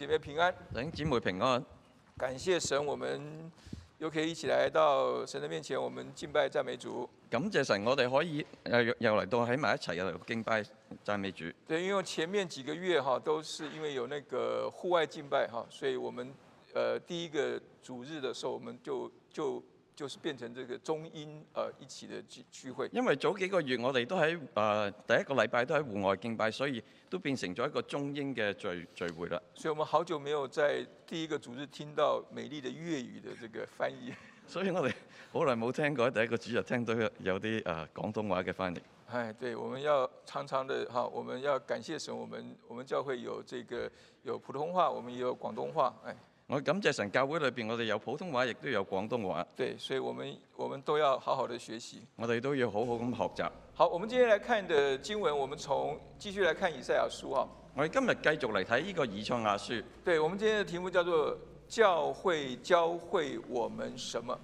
姐妹平安，等姊妹平安。感謝神，我們又可以一起來到神的面前，我們敬拜讚美主。感謝神，我哋可以又又來到喺埋一齊又來敬拜讚美主。對，因為前面幾個月哈，都是因為有那個戶外敬拜哈，所以我們，呃，第一個主日的時候，我們就就。就是變成這個中英呃一起的聚聚會，因為早幾個月我哋都喺呃第一個禮拜都喺戶外敬拜，所以都變成咗一個中英嘅聚聚會啦。所以我們好久沒有在第一個主日聽到美麗嘅粵語的這個翻譯。 所以我哋好耐冇聽過第一個主日聽到有啲呃廣東話嘅翻譯。唉，對，我們要常常的哈，我們要感謝神，我們我們教會有這個有普通話，我們也有廣東話，唉。我感謝神，教會裏邊我哋有普通話，亦都有廣東話。對，所以我們我們都要好好的學習。我哋都要好好咁學習。好，我們今天嚟看的經文，我們從繼續嚟看以賽亞書啊。我哋今日繼續嚟睇呢個以賽亞書。對，我們今天的題目叫做教會教會我們什麼？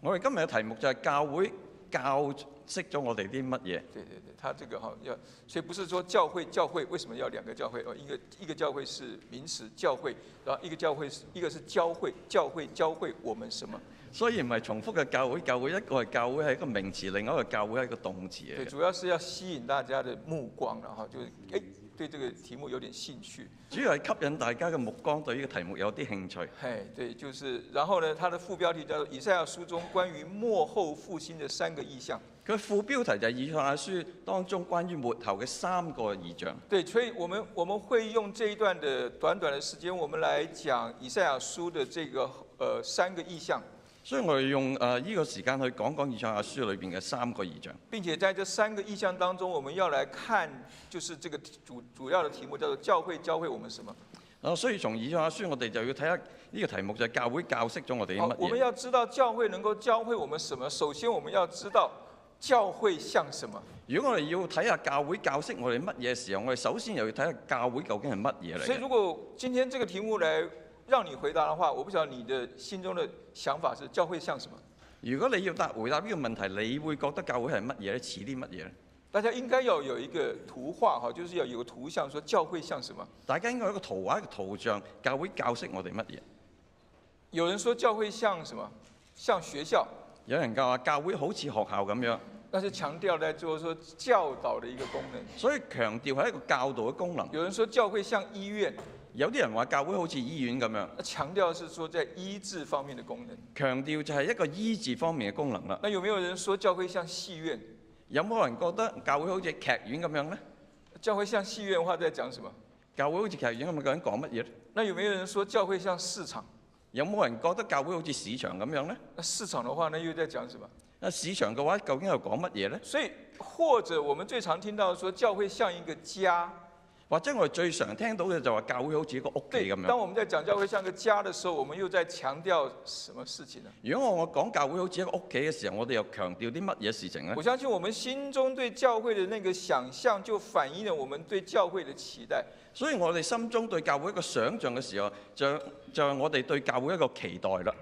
我哋今日嘅題目就係教會教。識咗我哋啲乜嘢？對對對，他這個哈要，所以不是說教會教會，為什麼要兩個教會？哦，一個一個教會是名詞教會，啊，一個教會是一個是教會教會教會我們什麼？所以唔係重複嘅教會教會，一個係教會係一個名詞，另外一個教會係一個動詞嘅。對，主要是要吸引大家的目光，然後就誒、欸、對這個題目有點興趣。主要係吸引大家嘅目光，對呢個題目有啲興趣。係，對，就是，然後呢，它的副標題叫做《以賽亞書》中關於末後復興的三個異象。佢副標題就係以賽亞書當中關於末後嘅三個異象。對，所以我們我們會用這一段的短短嘅時間，我們來講以賽亞書的這個呃三個異象。所以我用誒呢個時間去講講以賽亞書裏邊嘅三個異象。並且在這三個異象當中，我們要來看，就是這個主主要嘅題目叫做教會教會我們什麼。啊，所以從以賽亞書我哋就要睇下呢個題目就係教會教識咗我哋乜嘢。好，我們要知道教會能夠教會我們什麼。首先，我們要知道。教會像什麼？如果我哋要睇下教會教識我哋乜嘢時候，我哋首先又要睇下教會究竟係乜嘢嚟。所以如果今天這個題目嚟讓你回答的話，我不知道你的心中的想法是教會像什麼。如果你要答回答呢個問題，你會覺得教會係乜嘢咧？似啲乜嘢咧？大家應該要有一個圖畫哈，就是要有一個圖像，說教會像什麼？大家應該有一個圖畫一個圖像，教會教識我哋乜嘢？有人說教會像什麼？像學校。有人講話教會好似學校咁樣，但係強調在做說教導的一個功能。所以強調係一個教導嘅功能。有人說教會像醫院，有啲人話教會好似醫院咁樣。強調是說在醫治方面的功能。強調就係一個醫治方面嘅功能啦。那有冇人說教會像戲院？有冇人覺得教會好似劇院咁樣咧？教會像戲院，話在講什麼？教會好似劇院咁樣，究竟講乜嘢？那有冇人說教會像市場？有冇有人覺得教會好似市場咁樣呢？那市場的話呢，呢又在講什麼？啊，市場嘅話，究竟又講乜嘢呢？所以或者我們最常聽到，說教會像一個家。或者我哋最常聽到嘅就係教會好似一個屋企咁樣。當我們在講教會像個家嘅時候，我們又在強調什麼事情呢？如果我我講教會好似一個屋企嘅時候，我哋又強調啲乜嘢事情呢？我相信我們心中對教會嘅那個想象，就反映了我們對教會嘅期待。所以我哋心中對教會一個想像嘅時候，就就係我哋對教會一個期待啦。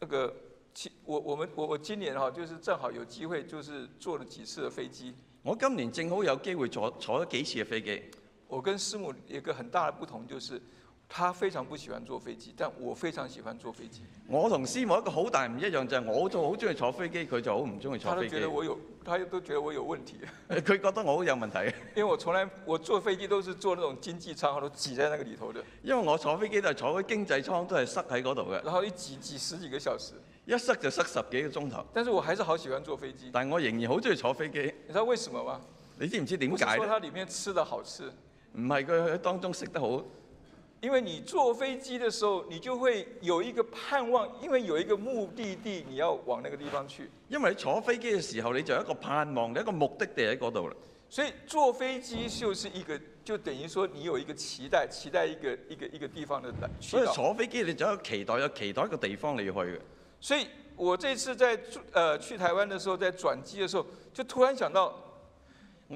一個那個我我我我今年哈，就是正好有機會，就是坐了幾次嘅飛機。我今年正好有機會坐坐咗幾次嘅飛機。我跟師母一個很大嘅不同就是，她非常不喜歡坐飛機，但我非常喜歡坐飛機。我同師母一個好大唔一樣就係、是，我就好鍾意坐飛機，佢就好唔鍾意坐飛機。他都覺得我有，他都覺得我有問題。佢 覺得我好有問題。因為我從來我坐飛機都是坐嗰種經濟艙，我都擠在那個裡頭的。 因為我坐飛機都係坐嗰經濟艙，都係塞喺嗰度嘅。然後一擠擠十幾個小時。一塞就塞十幾個鐘頭，但是我還是好喜歡坐飛機。但我仍然好中意坐飛機。你知道為什麼嗎？你知唔知點解？佢話佢裏面食得好食，唔係佢喺當中食得好。因為你坐飛機的時候，你就會有一個盼望，因為有一個目的地你要往那個地方去。因為你坐飛機嘅時候，你就有一個盼望，你有一個目的地喺嗰度啦。所以坐飛機就是一個，就等於說你有一個期待，期待一個一個一個地方嘅。所以坐飛機，你就有期待，有期待一個地方你要去嘅。所以我這次在，呃，去台灣的時候，在轉機的時候，就突然想到，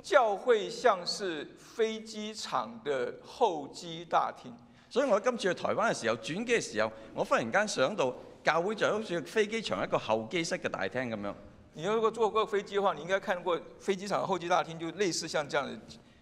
教會像是飛機場的候機大廳。所以我今次去台灣的時候，轉機的時候，我忽然間想到，教會就好似飛機場一個候機室嘅大廳咁樣。你如果坐過飛機嘅話，你應該看過飛機場候機大廳，就類似像這樣。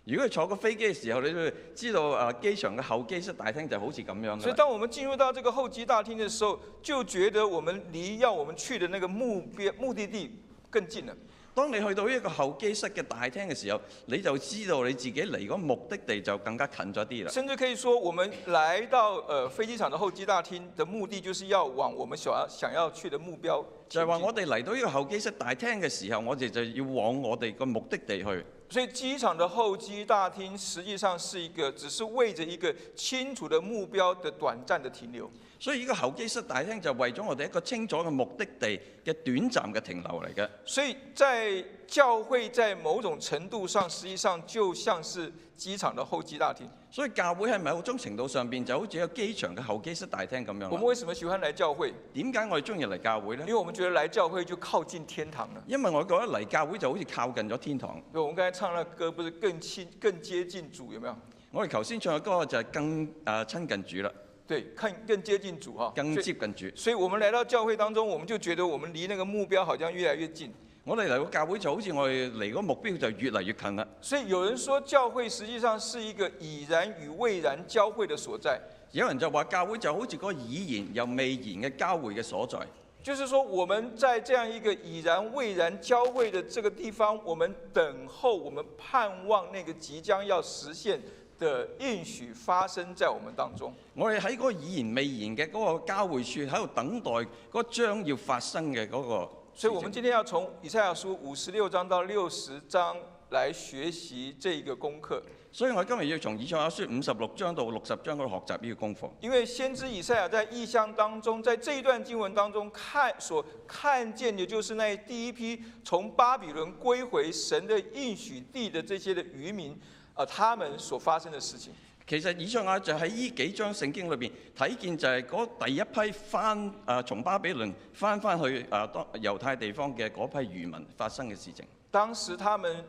如果係坐過飛機嘅時候，你就會知道啊，機場嘅候機室大廳就好似咁樣。所以當我們進入到這個候機大廳嘅時候，就覺得我們離要我們去嘅那個目標目的地更近了。當你去到一個候機室嘅大廳嘅時候，你就知道你自己離個目的地就更加近咗啲啦。甚至可以說，我們來到誒、呃、飛機場的候機大廳的目的，就是要往我們所要想要去嘅目標。就係、是、話我哋嚟到一個候機室大廳嘅時候，我哋就要往我哋個目的地去。所以，機場嘅候機大廳實際上是一個，只是為着一個清楚嘅目標的短暫的停留。所以呢個候機室大廳就為咗我哋一個清楚嘅目的地嘅短暫嘅停留嚟嘅。所以在教會，在某種程度上，實際上就像是機場的候機大廳。所以教會係咪某種程度上邊就好似一個機場嘅候機室大廳咁樣。我們為什麼喜歡嚟教會？點解我哋中意嚟教會呢？因為我們覺得嚟教會就靠近天堂啦。因為我覺得嚟教會就好似靠近咗天堂。因對，我哋剛才唱嘅歌，不是更親、更接近主，有冇？我哋頭先唱嘅歌就係更啊呃、親近主啦。對，看更接近主哈，更接近主。所以我們來到教會當中，我們就覺得我們離那個目標好像越來越近。我哋嚟個教會就好似我哋離個目標就越來越近了。所以有人說教會實際上是一個已然與未然交會的所在。有人就話教會就好似個已然又未然嘅交會嘅所在。就是說，我們在這樣一個已然未然交會的這個地方，我們等候，我們盼望那個即將要實現的應許發生在我們當中。我哋喺嗰個已然未然嘅嗰個交匯處，喺度等待嗰將要發生嘅嗰個。所以，我們今天要從以賽亞書五十六章到六十章來學習這一個功課。所以我今日要從以賽亞書五十六章到六十章嗰度學習呢個功課。因為先知以賽亞在異象當中，在這一段經文當中看所看見嘅，就是那第一批從巴比倫歸回神的應許地的這些的移民。啊！他們所發生的事情，其實以上啊，就喺呢幾章聖經裏邊睇見，就係嗰第一批翻啊，從巴比倫翻翻去啊，當猶太地方嘅嗰批漁民發生嘅事情。當時他們。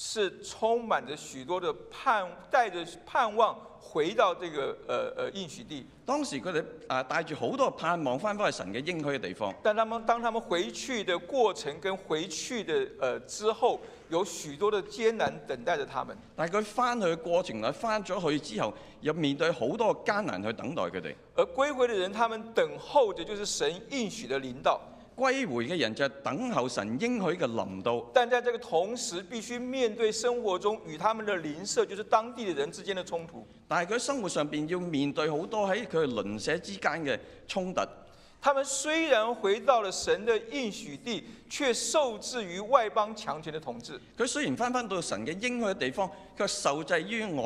是充滿着許多的盼，帶着盼望回到這個呃呃應許地。當時，佢哋啊帶住好多盼望，翻返去神嘅應許嘅地方。但，他們當他們回去的過程，跟回去的呃之後，有許多的艱難等待着他們。但佢翻去嘅過程內，翻咗去之後，又面對好多艱難去等待佢哋。而歸回的人，他們等候的就是神應許的領導。歸回嘅人就係等候神應許嘅臨到。但喺這個同時，必須面對生活中與他們的鄰舍，就是當地嘅人之間嘅衝突。但係佢生活上面要面對好多喺佢嘅鄰舍之間嘅衝突。他們雖然回到了神的應許地，卻受制於外邦強權的統治。佢雖然翻翻到神嘅應許嘅地方，卻受制於外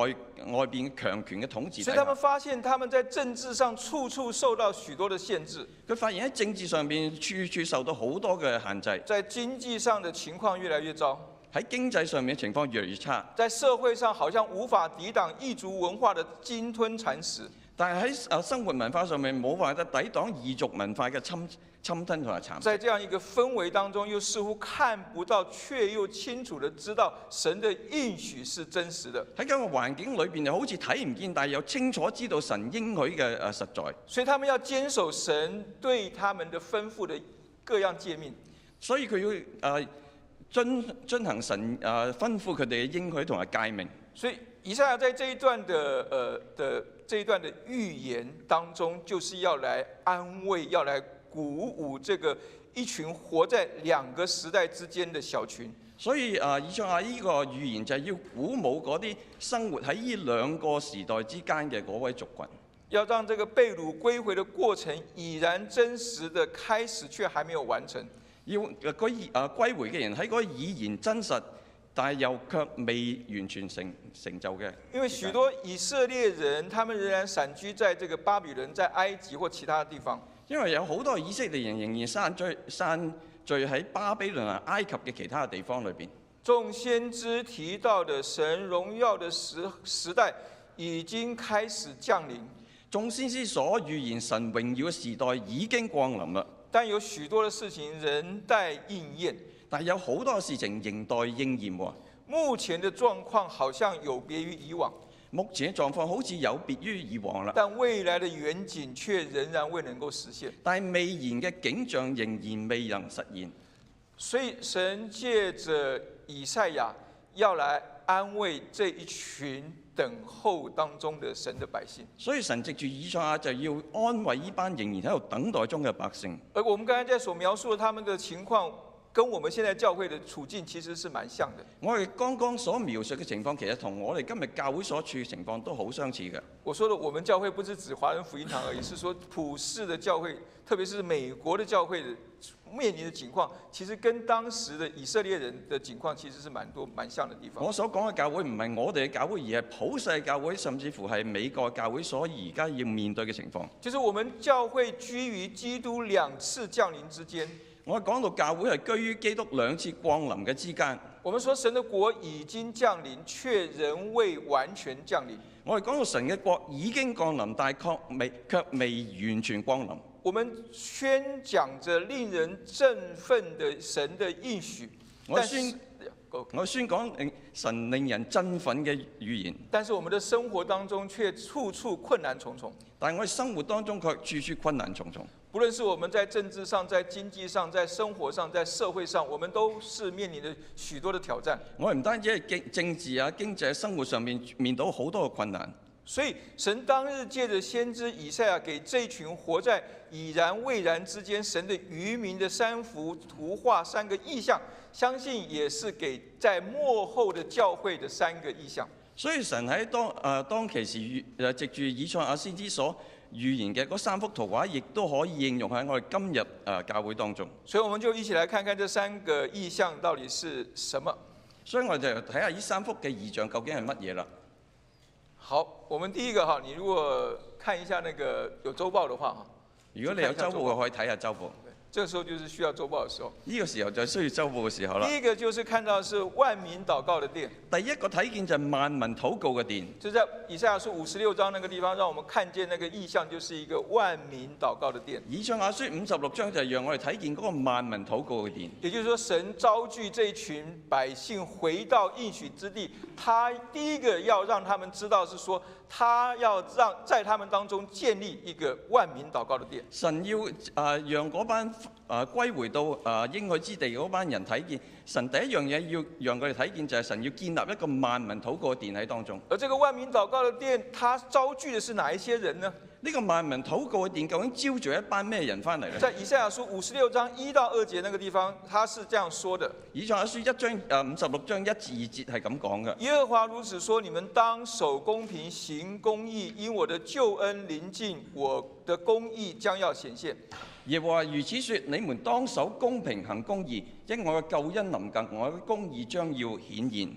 外邊強權的統治。所以他們發現，他們在政治上處處受到許多的限制。佢發現喺政治上面處處受到好多嘅限制。在經濟上的情況越來越糟。喺經濟上面嘅情況越來越差。在社會上，好像無法抵擋異族文化的鯨吞蠶食。但係喺啊生活文化上面冇法得抵擋異族文化嘅侵侵吞同埋蠶食。在這樣一個氛圍當中，又似乎看不到，卻又清楚地知道神的應許是真實的。喺咁嘅環境裏邊，又好似睇唔見，但係又清楚知道神應許嘅誒實在。所以他們要堅守神對他們的吩咐的各樣誡命。所以佢要誒、呃、遵遵行神誒、呃、吩咐佢哋嘅應許同埋誡命。所以以上在這一段的誒、呃、的。這一段的預言當中，就是要來安慰、要來鼓舞這個一群活在兩個時代之間的小群。所以啊，以上啊，呢個預言就係要鼓舞嗰啲生活喺呢兩個時代之間嘅嗰位族群。要讓這個被擄歸回的過程已然真實的開始，卻還沒有完成。要歸啊歸、啊、回嘅人喺嗰已言真實。但係又卻未完全成成就嘅。因為許多以色列人，他們仍然散居在這個巴比倫、在埃及或其他地方。因為有好多以色列人仍然散聚散聚喺巴比倫啊、埃及嘅其他地方裏邊。眾先知提到的神榮耀的時時代已經開始降臨。眾先知所預言神榮耀嘅時代已經降臨啦。但有許多的事情仍待應驗。但有好多事情仍待應驗喎。目前的狀況好像有別於以往。目前嘅狀況好似有別於以往啦。但未來的遠景卻仍然未能夠實現。但未然嘅景象仍然未能實現。所以神借着以賽亞要來安慰這一群等候當中的神的百姓。所以神藉住以賽亞就要安慰呢班仍然喺度等待中嘅百姓。而我們剛剛在所描述嘅他們嘅情況。跟我們現在教會的處境其實是蠻像的。我哋剛剛所描述嘅情況，其實同我哋今日教會所處嘅情況都好相似嘅。我說的我們教會不是指華人福音堂而已， 是說普世的教會，特別是美國的教會的面臨嘅情況，其實跟當時的以色列人嘅情況，其實是蠻多、蠻像的地方。我所講嘅教會，唔係我哋嘅教會，而係普世教會，甚至乎係美國教會所而家要面對嘅情況。就是我們教會居於基督兩次降臨之間。我哋講到教會係居於基督兩次光臨嘅之間。我們說神嘅國已經降臨，卻仍未完全降臨。我哋講到神嘅國已經降臨，但係卻未卻未完全光臨。我們宣講着令人振奮的神的應許。我宣我宣講令神令人振奮嘅語言。但是我們的生活當中卻處處困難重重。但係我哋生活當中卻處處困難重重。不論是我們在政治上、在經濟上、在生活上、在社會上，我們都是面臨著許多的挑戰。我唔單止係政政治啊、經濟、生活上面面對好多嘅困難。所以神當日借着先知以賽亞，給這群活在已然未然之間神的愚民的三幅圖畫、三個異象，相信也是給在末後的教會的三個異象。所以神喺當誒、呃、當其時，誒藉住以賽亞先知所。預言嘅嗰三幅圖畫，亦都可以應用喺我哋今日誒教會當中。所以，我們就一起來看看這三個異象到底是什麼。所以我哋就睇下呢三幅嘅異象究竟係乜嘢啦。好，我們第一個哈，你如果看一下那個有周報的話報，如果你有周報嘅可以睇下周報。這個、時候就是需要週報嘅時候。呢、這個時候就係需要週報嘅時候啦。第一個就是看到的是萬民禱告嘅殿。第一個睇見就是萬民禱告嘅殿。就在以賽亞書五十六章那個地方，讓我們看見那個意象，就是一個萬民禱告嘅殿。以賽亞書五十六章就係讓我哋睇見嗰個萬民禱告嘅殿。也就是說，神召聚這一群百姓回到應許之地，他第一個要讓他們知道，是說。他要讓在他們當中建立一個萬民禱告的殿。神要讓讓嗰班啊歸回到英應許之地嗰班人睇見。神第一樣嘢要讓佢哋睇見，就係神要建立一個萬民禱告的殿喺當中。而這個萬民禱告的殿，他招聚的是哪一些人呢？呢、這個萬民禱告嘅殿究竟招咗一班咩人翻嚟咧？在以賽亞書五十六章一到二節那個地方，他是這樣說的：以賽亞書一章誒五十六章一至二節係咁講嘅。耶和華如此說：你們當守公平，行公義，因我的救恩臨近，近，我的公義將要顯現。耶和華如此說：你們當守公平，行公義，因我嘅救恩臨近，我嘅公義將要顯現。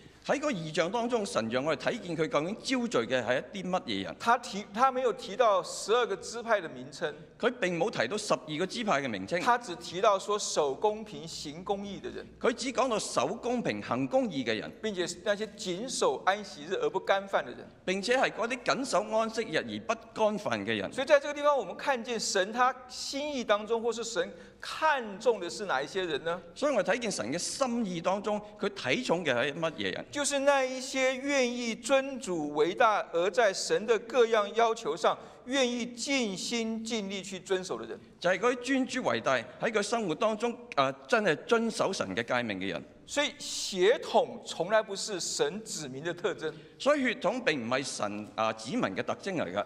喺個異象當中，神讓我哋睇見佢究竟焦聚嘅係一啲乜嘢人。他提，他沒有提到十二個支派嘅名稱。佢並冇提到十二個支派嘅名稱。他只提到說守公平行公義嘅人，佢只講到守公平行公義嘅人。並且，那些，並且那些緊守安息日而不干犯嘅人。並且係嗰啲緊守安息日而不干犯嘅人。所以喺呢個地方，我們看見神他心意當中，或是神，看重的是哪一些人呢？所以我睇見神嘅心意當中，佢睇重嘅係乜嘢人？就是那一些願意尊主為大，而在神的各樣要求上願意盡心盡力去遵守的人。就係、是、佢尊主為大，喺佢生活當中，啊、真係遵守神嘅誡命嘅人。所以血統從來不是神子民的特徵。所以血統並唔係神啊子民嘅特徵嚟噶。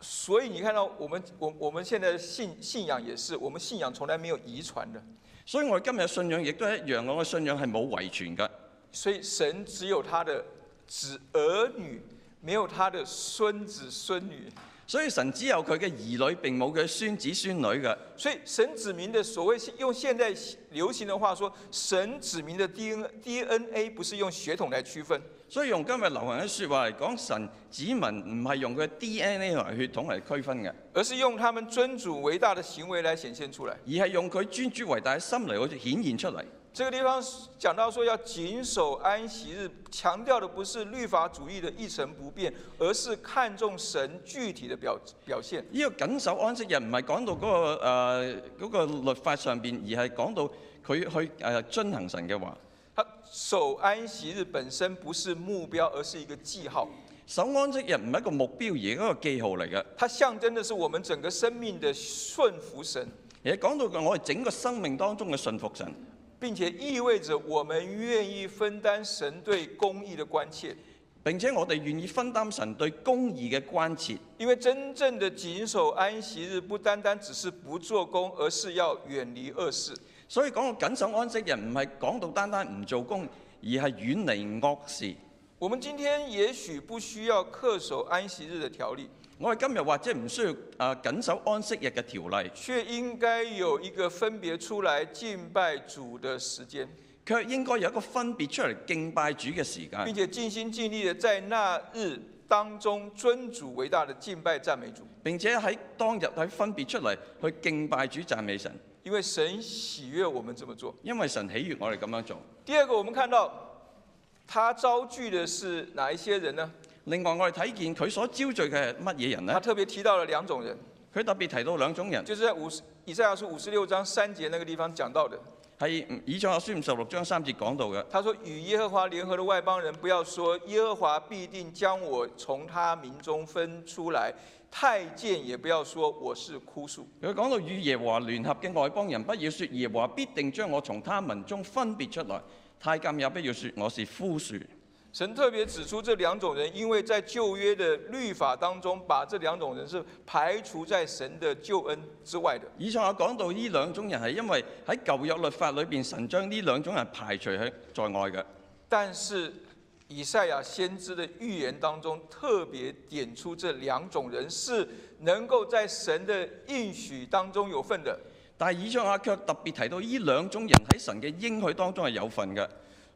所以你看到我們我我們現在信信仰也是，我們信仰從來沒有遺傳的，所以我們今日信仰亦都一樣，我嘅信仰係冇遺傳噶所以神只有他的子兒女，沒有他的孫子孫女。所以神只有佢嘅兒女，並冇佢孫子孫女嘅。所以神指明的所謂用現在流行的話說，神指明的 DNA DNA 不是用血統來區分。所以用今日流行嘅說話嚟講，神子民唔係用佢 DNA 同埋血統嚟區分嘅，而是用他們尊主偉大的行為嚟顯現出來，而係用佢尊主偉大嘅心嚟去顯現出嚟。這個地方講到說要謹守安息日，強調的不是律法主義的一成不變，而是看重神具體的表表現。呢、這個謹守安息日唔係講到嗰、那個誒嗰、呃那個律法上邊，而係講到佢去誒、呃、遵行神嘅話。守安息日本身不是目標，而是一個記號。守安息日唔係一個目標，而係一個記號嚟嘅。它象徵的是我們整個生命的順服神。而講到我哋整個生命當中嘅順服神，並且意味着我們願意分擔神對公義嘅關切，並且我哋願意分擔神對公義嘅關切。因為真正的謹守安息日，不單單只是不做工，而是要遠離惡事。所以講緊守安息日唔係講到單單唔做工，而係遠離惡事。我們今天也許不需要恪守安息日的條例，我哋今日或者係唔需要啊緊守安息日嘅條例，卻應該有一個分別出來敬拜主的時間，卻應該有一個分別出來敬拜主嘅時間，並且盡心盡力地在那日當中尊主為大的敬拜讚美主，並且喺當日喺分別出嚟去敬拜主讚美神。因為神喜悦我們這麼做，因為神喜悦我哋咁樣做。第二個，我們看到他招聚的是哪一些人呢？另外，我哋睇見佢所招聚嘅係乜嘢人呢？他特別提到了兩種人，佢特別提到兩種人，就是在五十《以賽亞書》五十六章三節那個地方講到的。係，以賽亞書五十六章三節講到嘅。他說：與耶和華聯合嘅外邦人不，不要，邦人不要說耶和華必定將我從他民中分出來；太監也不要說我是枯樹。佢講到與耶和華聯合嘅外邦人，不要說耶和華必定將我從他民中分別出來；太監也不要說我是枯樹。神特別指出這兩種人，因為在舊約的律法當中，把這兩種人是排除在神的救恩之外的。以上我講到呢兩種人係因為喺舊約律法裏邊，神將呢兩種人排除喺在外嘅。但是以賽亞先知的預言當中，特別點出這兩種人是能夠在神的應許當中有份的。但以賽亞卻特別提到呢兩種人喺神嘅應許當中係有份嘅。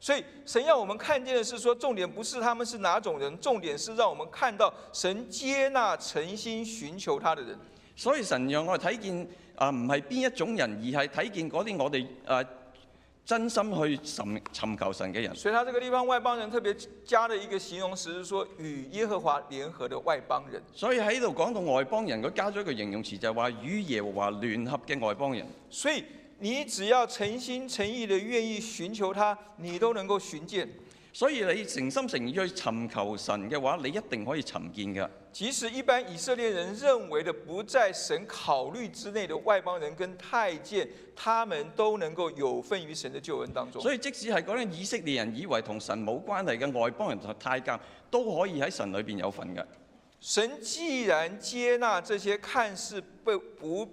所以神要我們看見的是說，重點不是他們是哪種人，重點是讓我們看到神接納誠心尋求他的人。所以神讓我哋睇見啊，唔係邊一種人，而係睇見嗰啲我哋誒、呃、真心去尋尋求神嘅人。所以他這個地方，外邦人特別加了一個形容詞，是說與耶和華聯合的外邦人。所以喺度講到外邦人，佢加咗一個形容詞，就係、是、話與耶和華聯合嘅外邦人。所以。你只要誠心誠意的願意尋求他，你都能夠尋見。所以你誠心誠意去尋求神嘅話，你一定可以尋見㗎。即使一般以色列人認為的不在神考慮之內的外邦人跟太監，他們都能夠有份於神的救恩當中。所以即使係嗰啲以色列人以為同神冇關係嘅外邦人同太監，都可以喺神裏邊有份㗎。神既然接納這些看似不不，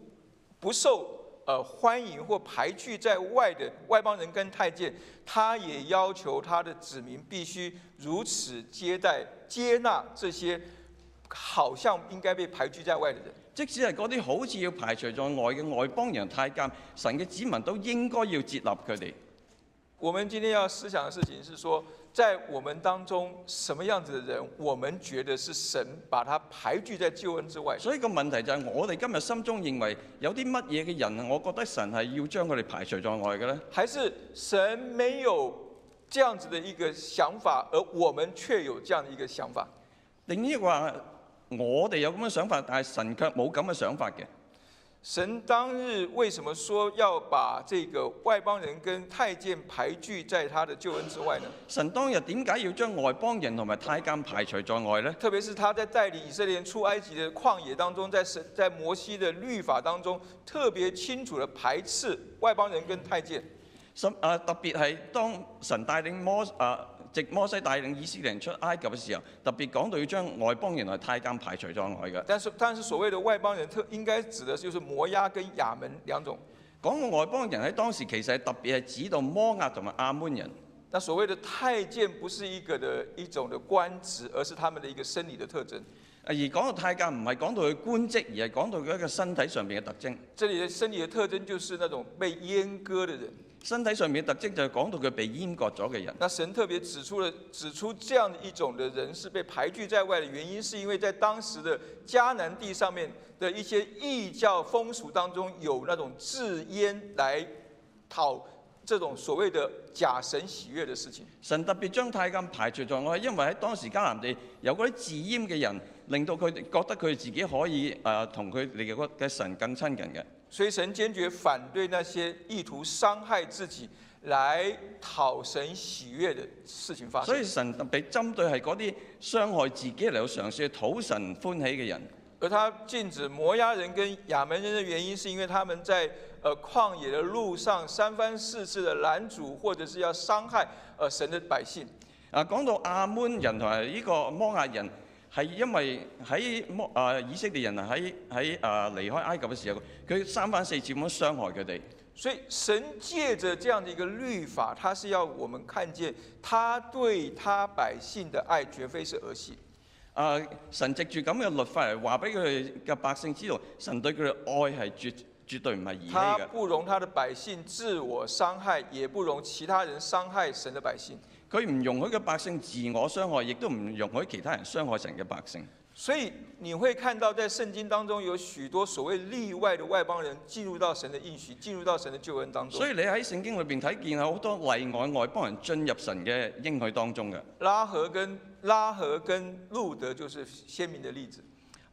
不受歡迎或排拒在外的外邦人跟太監，他也要求他的子民必須如此接待接納這些好像應該被排拒在外的人。即使係嗰啲好似要排除在外嘅外邦人、太監，神嘅子民都應該要接納佢哋。我們今天要思想嘅事情是說。在我們當中，什麼樣子的人，我們覺得是神把他排除在救恩之外。所以個問題就係，我哋今日心中認為有啲乜嘢嘅人，我覺得神係要將佢哋排除在外嘅咧？還是神沒有這樣子的一個想法，而我們卻有這樣的一個想法？定係話，我哋有咁嘅想法，但係神卻冇咁嘅想法嘅。神當日為什麼說要把這個外邦人跟太監排拒在他的救恩之外呢？神當日點解要將外邦人同埋太監排除在外呢？特別是他在帶領以色列人出埃及的曠野當中，在神在摩西的律法當中，特別清楚的排斥外邦人跟太監。神啊，特別係當神帶領摩啊。即摩西帶領以色列人出埃及嘅時候，特別講到要將外邦人同太監排除在外嘅。但是，但是所謂的外邦人特，特應該指的是，就是摩押跟亞門兩種。講到外邦人喺當時其實係特別係指到摩押同埋亞門人。但所謂的太監，不是一個的一種的官職，而是他們的一個生理的特徵。而講到太監，唔係講到佢官職，而係講到佢一個身體上邊嘅特徵。這裡嘅生理嘅特徵，就是那種被閹割嘅人。身體上面嘅特徵就係講到佢被閹割咗嘅人。那神特別指出了指出這樣一種嘅人是被排拒在外嘅原因，是因為在當時的迦南地上面的一些異教風俗當中，有那種自閹來討這種所謂的假神喜悅的事情。神特別將太監排除在外，因為喺當時迦南地有嗰啲自閹嘅人，令到佢覺得佢自己可以誒同佢哋嘅神更親近嘅。所以神堅決反對那些意圖傷害自己來討神喜悦的事情發生。所以神被針對係嗰啲傷害自己嚟到嘗試討神歡喜嘅人。而他禁止摩押人跟亞門人的原因，是因為他們在曠野的路上三番四次的攔阻或者是要傷害神的百姓。啊，講到亞門人同埋呢個摩押人。係因為喺摩以色列人啊，喺喺啊，離開埃及嘅時候，佢三番四次咁樣傷害佢哋。所以神借着這樣的一個律法，他是要我們看見他對他百姓的愛，絕非是兒戲。啊、呃，神藉住咁嘅律法嚟話俾佢嘅百姓知道，神對佢嘅愛係絕絕對唔係兒戲嘅。他不容他的百姓自我傷害，也不容其他人傷害神嘅百姓。佢唔容許嘅百姓自我傷害，亦都唔容許其他人傷害神嘅百姓。所以，你會看到在聖經當中有許多所謂例外嘅外邦人進入到神嘅應許，進入到神嘅救恩當中。所以你喺聖經裏邊睇見好多例外外邦人進入神嘅應許當中嘅。拉合跟拉合跟路德就是鮮明嘅例子。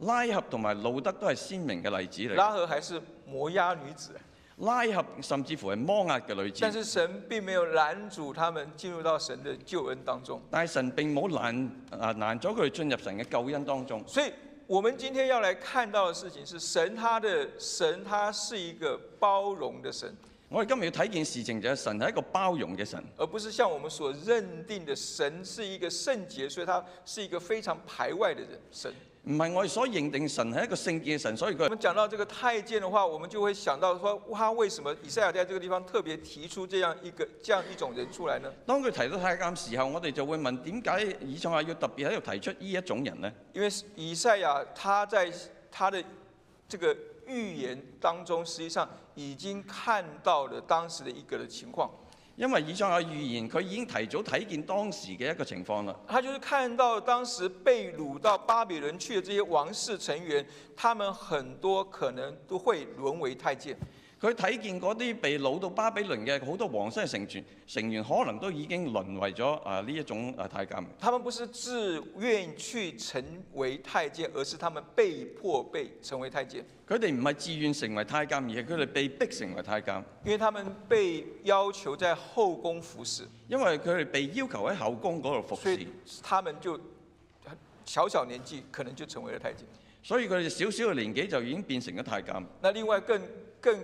拉合同埋路德都係鮮明嘅例子嚟。拉合還是摩押女子。拉合甚至乎係摩押嘅女子，但是神並沒有攔阻他們進入到神的救恩當中。但係神並冇攔啊攔阻佢進入神嘅救恩當中。所以，我們今天要來看到嘅事情是神，他的神他是一個包容的神。我哋今日要睇件事情就係神係一個包容嘅神，而不是像我們所認定的神是一個聖潔，所以他是一個非常排外嘅人神。唔係我哋所認定神係一個聖潔嘅神，所以佢。我們講到這個太監的話，我們就會想到，說哇，為什麼以賽亞喺這個地方特別提出這樣一個、這樣一種人出來呢？當佢提到太監時候，我哋就會問點解以賽亞要特別喺度提出呢一種人呢？因為以賽亞他在他的這個預言當中，實際上已經看到了當時的一個的情況。因為以上嘅預言，佢已經提早睇見當時嘅一個情況啦。他就是看到當時被擄到巴比倫去嘅這些王室成員，他們很多可能都會淪為太監。佢睇見嗰啲被擄到巴比倫嘅好多皇室成員，成員可能都已經淪為咗啊呢一種啊太監。他們不是自願去成為太監，而是他們被迫被成為太監。佢哋唔係自願成為太監，而係佢哋被逼成為太監。因為他們被要求在後宮服侍。因為佢哋被要求喺後宮嗰度服侍。所以，他們就小小年紀可能就成為了太監。所以佢哋小小嘅年紀就已經變成咗太監。那另外更更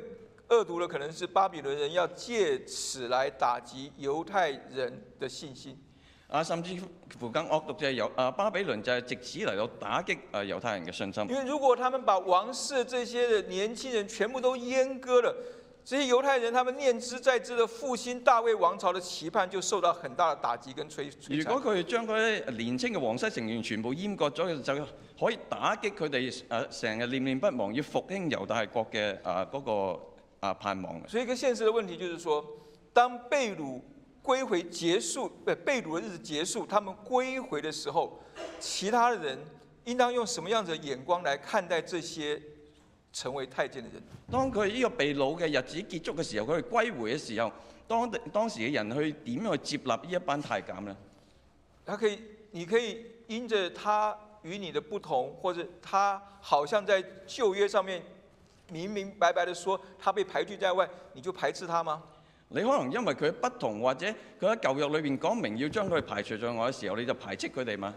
惡毒的，可能是巴比倫人要借此來打擊猶太人的信心，啊，甚至更惡毒就係猶啊巴比倫就係借此嚟到打擊啊猶太人嘅信心。因為如果他們把王室這些年輕人全部都閹割了，這些猶太人他們念茲在茲嘅復興大衛王朝嘅期盼就受到很大嘅打擊跟摧。如果佢將嗰啲年青嘅王室成員全部閹割咗，佢就可以打擊佢哋啊成日念念不忘要復興猶太國嘅啊嗰、那個。啊，盼望。所以，一個現實的問題就是說，當被擄歸回結束，呃，被擄的日子結束，他們歸回的時候，其他的人應當用什麼樣子的眼光來看待這些成為太監的人？嗯、當佢呢個被擄嘅日子結束嘅時候，佢哋歸回的時候，當當時嘅人去點樣去接納一班太監呢？啊，佢可以，你可以因着他與你的不同，或者他好像在舊約上面。明明白白的說，他被排除在外，你就排斥他嗎？你可能因為佢不同或者佢喺舊約裏邊講明要將佢排除在外嘅時候，你就排斥佢哋嗎？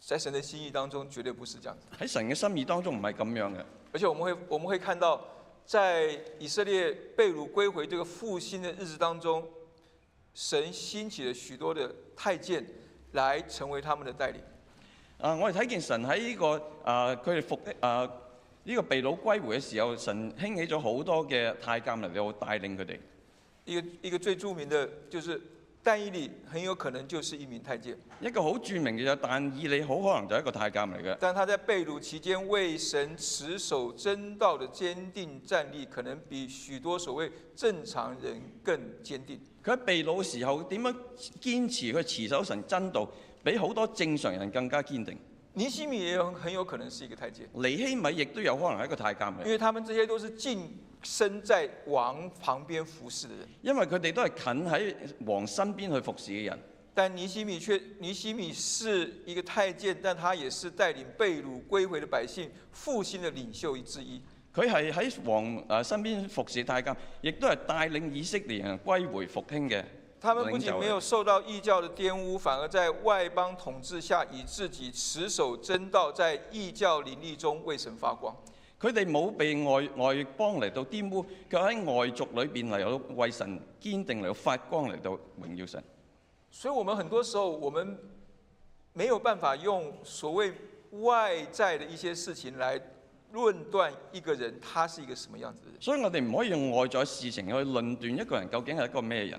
在神的心意當中，絕對不是這樣子。喺神嘅心意當中唔係咁樣嘅。而且我們會我們會看到，在以色列被擄歸回這個復興的日子當中，神興起了許多的太監來成為他們的代理。啊、呃，我哋睇見神喺呢、這個啊，佢哋服啊。呢、這個被擄歸回嘅時候，神興起咗好多嘅太監嚟，我帶領佢哋。一個一個最著名嘅就是但以理，很有可能就是一名太監。一個好著名嘅就但以理，好可能就係一個太監嚟嘅。但他在被擄期間為神持守真道嘅堅定站立，可能比許多所謂正常人更堅定。佢喺被擄時候點樣堅持佢持守神真道，比好多正常人更加堅定。尼希米也很有可能是一個太監。尼希米亦都有可能係一個太監。因為他們這些都是近身在王旁邊服侍的人。因為佢哋都係近喺王身邊去服侍嘅人。但尼希米卻，尼希米是一個太監，但他也是帶領被擄歸回的百姓復興的領袖之一。佢係喺王誒身邊服侍的太監，亦都係帶領以色列人歸回復興嘅。他們不僅沒有受到異教的玷污，反而在外邦統治下，以自己持守真道，在異教領域中為神發光。佢哋冇被外外邦嚟到玷污，佢喺外族裏邊嚟到為神堅定嚟到發光嚟到榮耀神。所以，我們很多時候我們沒有辦法用所謂外在的一些事情來論斷一個人，他是一個什麼樣子的人。所以我哋唔可以用外在事情去論斷一個人究竟係一個咩人。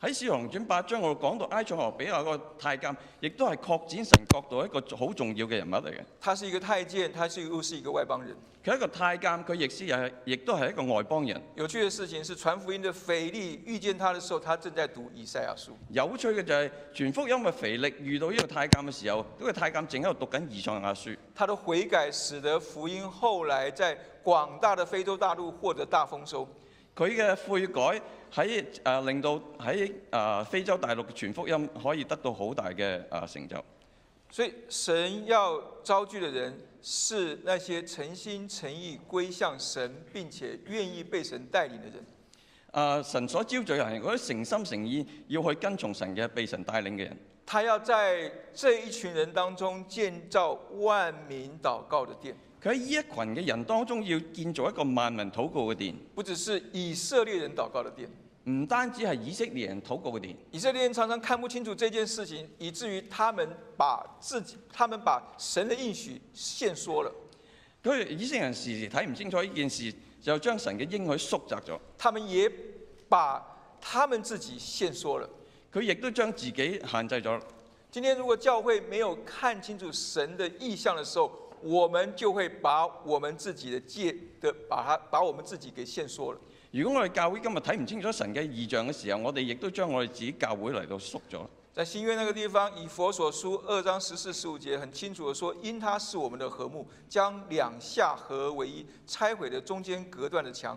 喺《使徒行傳八章》，我講到埃塞俄比亞有個太監，亦都係擴展神國度一個好重要嘅人物嚟嘅。他是一個太監，他是一個外邦人。佢係一個太監，佢亦是也，亦都係一個外邦人。有趣嘅事情是，傳福音嘅腓力遇見他嘅時候，他正在讀以賽亞書。有趣嘅就係、是、傳福音嘅腓力遇到呢個太監嘅時候，呢、那個太監正喺度讀緊以賽亞書。他的悔改使得福音後來在廣大的非洲大陸獲得大豐收。佢嘅悔改喺誒、呃、令到喺誒、呃、非洲大陸嘅傳福音可以得到好大嘅誒、呃、成就。所以神要招聚嘅人是那些誠心誠意歸向神並且願意被神帶領嘅人。誒、呃、神所招聚人，嗰啲誠心誠意要去跟從神嘅、被神帶領嘅人。他要在這一群人當中建造萬民禱告嘅殿。佢喺呢一群嘅人當中，要建造一個萬民禱告嘅殿，不只是以色列人禱告嘅殿，唔單止係以色列人禱告嘅殿。以色列人常常看不清楚這件事情，以至於他們把自己，他們把神的應許限縮了。佢以色列人時時睇唔清楚呢件事，就將神嘅應許縮窄咗。他們也把他們自己限縮了。佢亦都將自己限制咗。今天如果教會沒有看清楚神的意向嘅時候，我們就會把我們自己的戒，的把它把我們自己給限縮了。如果我哋教會今日睇唔清楚神嘅異象嘅時候，我哋亦都將我哋自己教會嚟到縮咗。在新約那個地方，以弗所書二章十四十五節，很清楚的說：因他是我們的和睦，將兩下合為一，拆毀了中間隔斷的牆，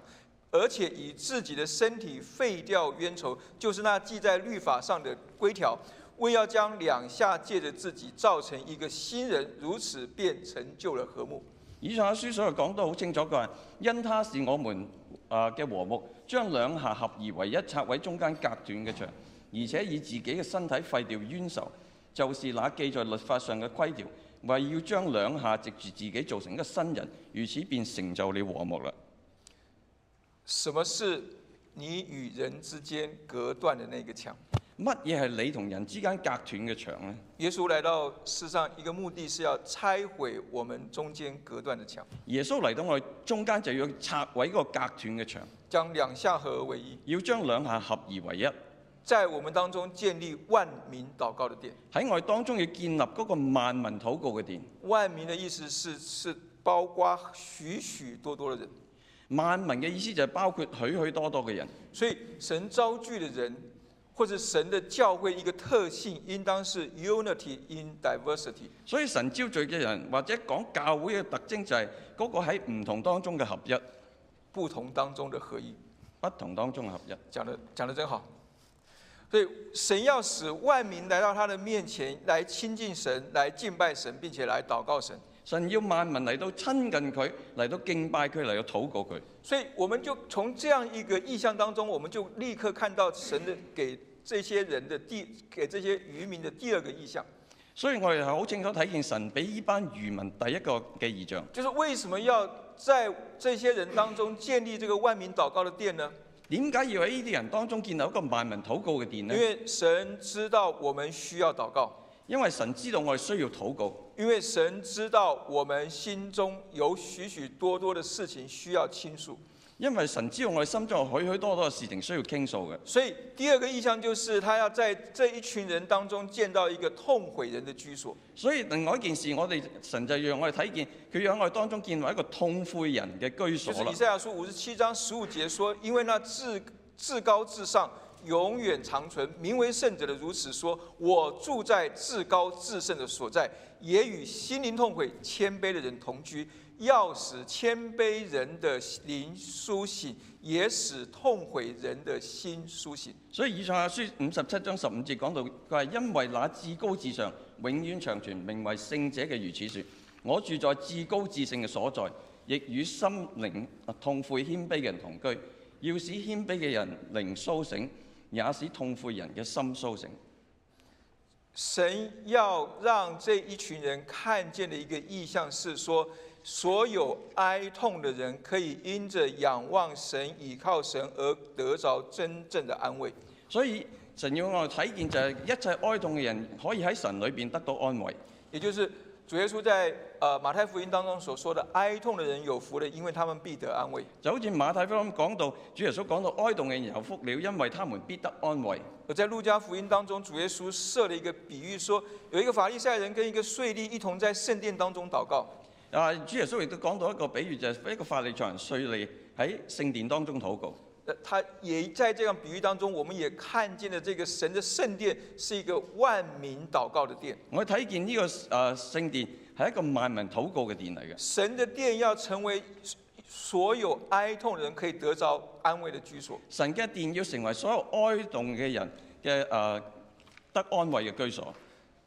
而且以自己的身體廢掉冤仇，就是那記在律法上的規條。為要將兩下借着自己造成一個新人，如此便成就了和睦。以上一書所講得好清楚，佢話因他是我們啊嘅和睦，將兩下合而為一，拆毀中間隔斷嘅牆，而且以自己嘅身體廢掉冤仇，就是那記在律法上嘅規條，為要將兩下藉住自己造成一個新人，如此便成就了和睦了。什麼是你與人之間隔斷的那個牆？乜嘢係你同人之間隔斷嘅牆呢？耶穌嚟到世上一個目的是要拆毀我們中間隔斷嘅牆。耶穌嚟到我哋中間就要拆毀個隔斷嘅牆，將兩下合為一。要將兩下合而為一，在我們當中建立萬民禱告嘅殿。喺我哋當中要建立嗰個萬民禱告嘅殿。萬民嘅意思是是包括許許多多嘅人，萬民嘅意思就係包括許許多多嘅人。所以神召聚嘅人。或者神的教會一個特性，應當是 unity in diversity。所以神招聚的人，或者講教會嘅特徵就係嗰個喺唔同當中嘅合一，不同當中的合一，不同當中的合一。講得講得真好。所以神要使萬民來到他的面前，來親近神，來敬拜神，並且來禱告神。神要萬民嚟到親近佢，嚟到敬拜佢，嚟到禱告佢。所以，我們就從這樣一個意象當中，我們就立刻看到神的給這些人的第，給這些漁民的第二個意象。所以我哋係好清楚睇見神俾呢班漁民第一個嘅意象。就是為什麼要在這些人當中建立這個萬民禱告嘅殿呢？點解要喺呢啲人當中建立一個萬民禱告嘅殿呢？因為神知道我們需要禱告。因為神知道我哋需要禱告，因為神知道我們心中有許許多多的事情需要傾訴，因為神知道我哋心中有許許多多嘅事情需要傾訴嘅。所以第二個異象，就是，他要在這一群人當中見到一個痛悔人的居所。所以另外一件事，我哋神就讓我哋睇見，佢要喺我哋當中建立一個痛悔人嘅居所啦。就是、以賽亞書五十七章十五節說：因為那至至高至上。永遠長存，名為聖者的如此說：我住在至高至聖的所在，也與心靈痛悔謙卑的人同居。要使謙卑人的靈甦醒，也使痛悔人的心甦醒。所以《以賽亞書》五十七章十五節講到，佢係因為那至高至上、永遠長存、名為聖者嘅如此說：我住在至高至聖嘅所在，亦與心靈痛悔謙卑嘅人同居。要使謙卑嘅人靈甦醒。也使痛苦人嘅心蘇醒。神要讓這一群人看見的一個意象是說，所有哀痛的人可以因着仰望神、倚靠神而得着真正的安慰。所以神要我睇見就係一切哀痛嘅人可以喺神裏邊得到安慰。也就是主耶穌在。誒馬太福音當中所說的哀痛的人有，哀人有福了，因為他們必得安慰。就好似馬太福音講到主耶穌講到哀痛嘅人有福了，因為他們必得安慰。我在路加福音當中，主耶穌設了一個比喻說，說有一個法利賽人跟一個稅吏一同在聖殿當中禱告。啊，主耶穌亦都講到一個比喻，就係、是、一個法利賽人、稅吏喺聖殿當中禱告。他也在這樣比喻當中，我們也看見了這個神的聖殿是一個萬民禱告的殿。我睇見呢、這個誒、呃、聖殿。係一個萬民禱告嘅殿嚟嘅。神嘅殿要成為所有哀痛的人可以得到安慰的居所。神嘅殿要成為所有哀痛嘅人嘅誒得安慰嘅居所。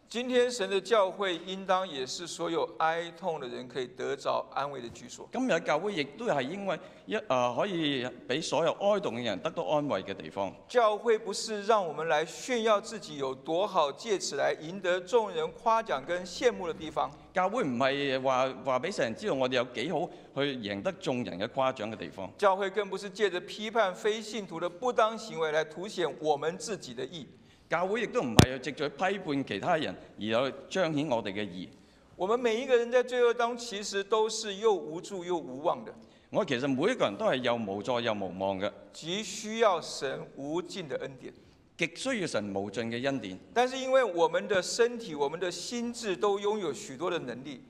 今天神的教會，應當也是所有哀痛的人可以得着安慰的居所。今日教會亦都係因為一，誒可以俾所有哀痛嘅人得到安慰嘅地方。教會不是讓我們來炫耀自己有多好，借此來贏得眾人誇獎跟羨慕的地方。教會唔係話話俾世人知道我哋有幾好，去贏得眾人嘅誇獎嘅地方。教會更不是借着批判非信徒的不當行為來凸顯我們自己的意。教會亦都唔係直接批判其他人，而有彰顯我哋嘅義。我們每一個人在罪惡當中，其實都是又無助又無望嘅。我其實每一個人都係又無助又無望嘅，只需要神無盡嘅恩典，極需要神無盡嘅恩典。但是因為我們嘅身體、我們嘅心智都擁有許多嘅能力，誒、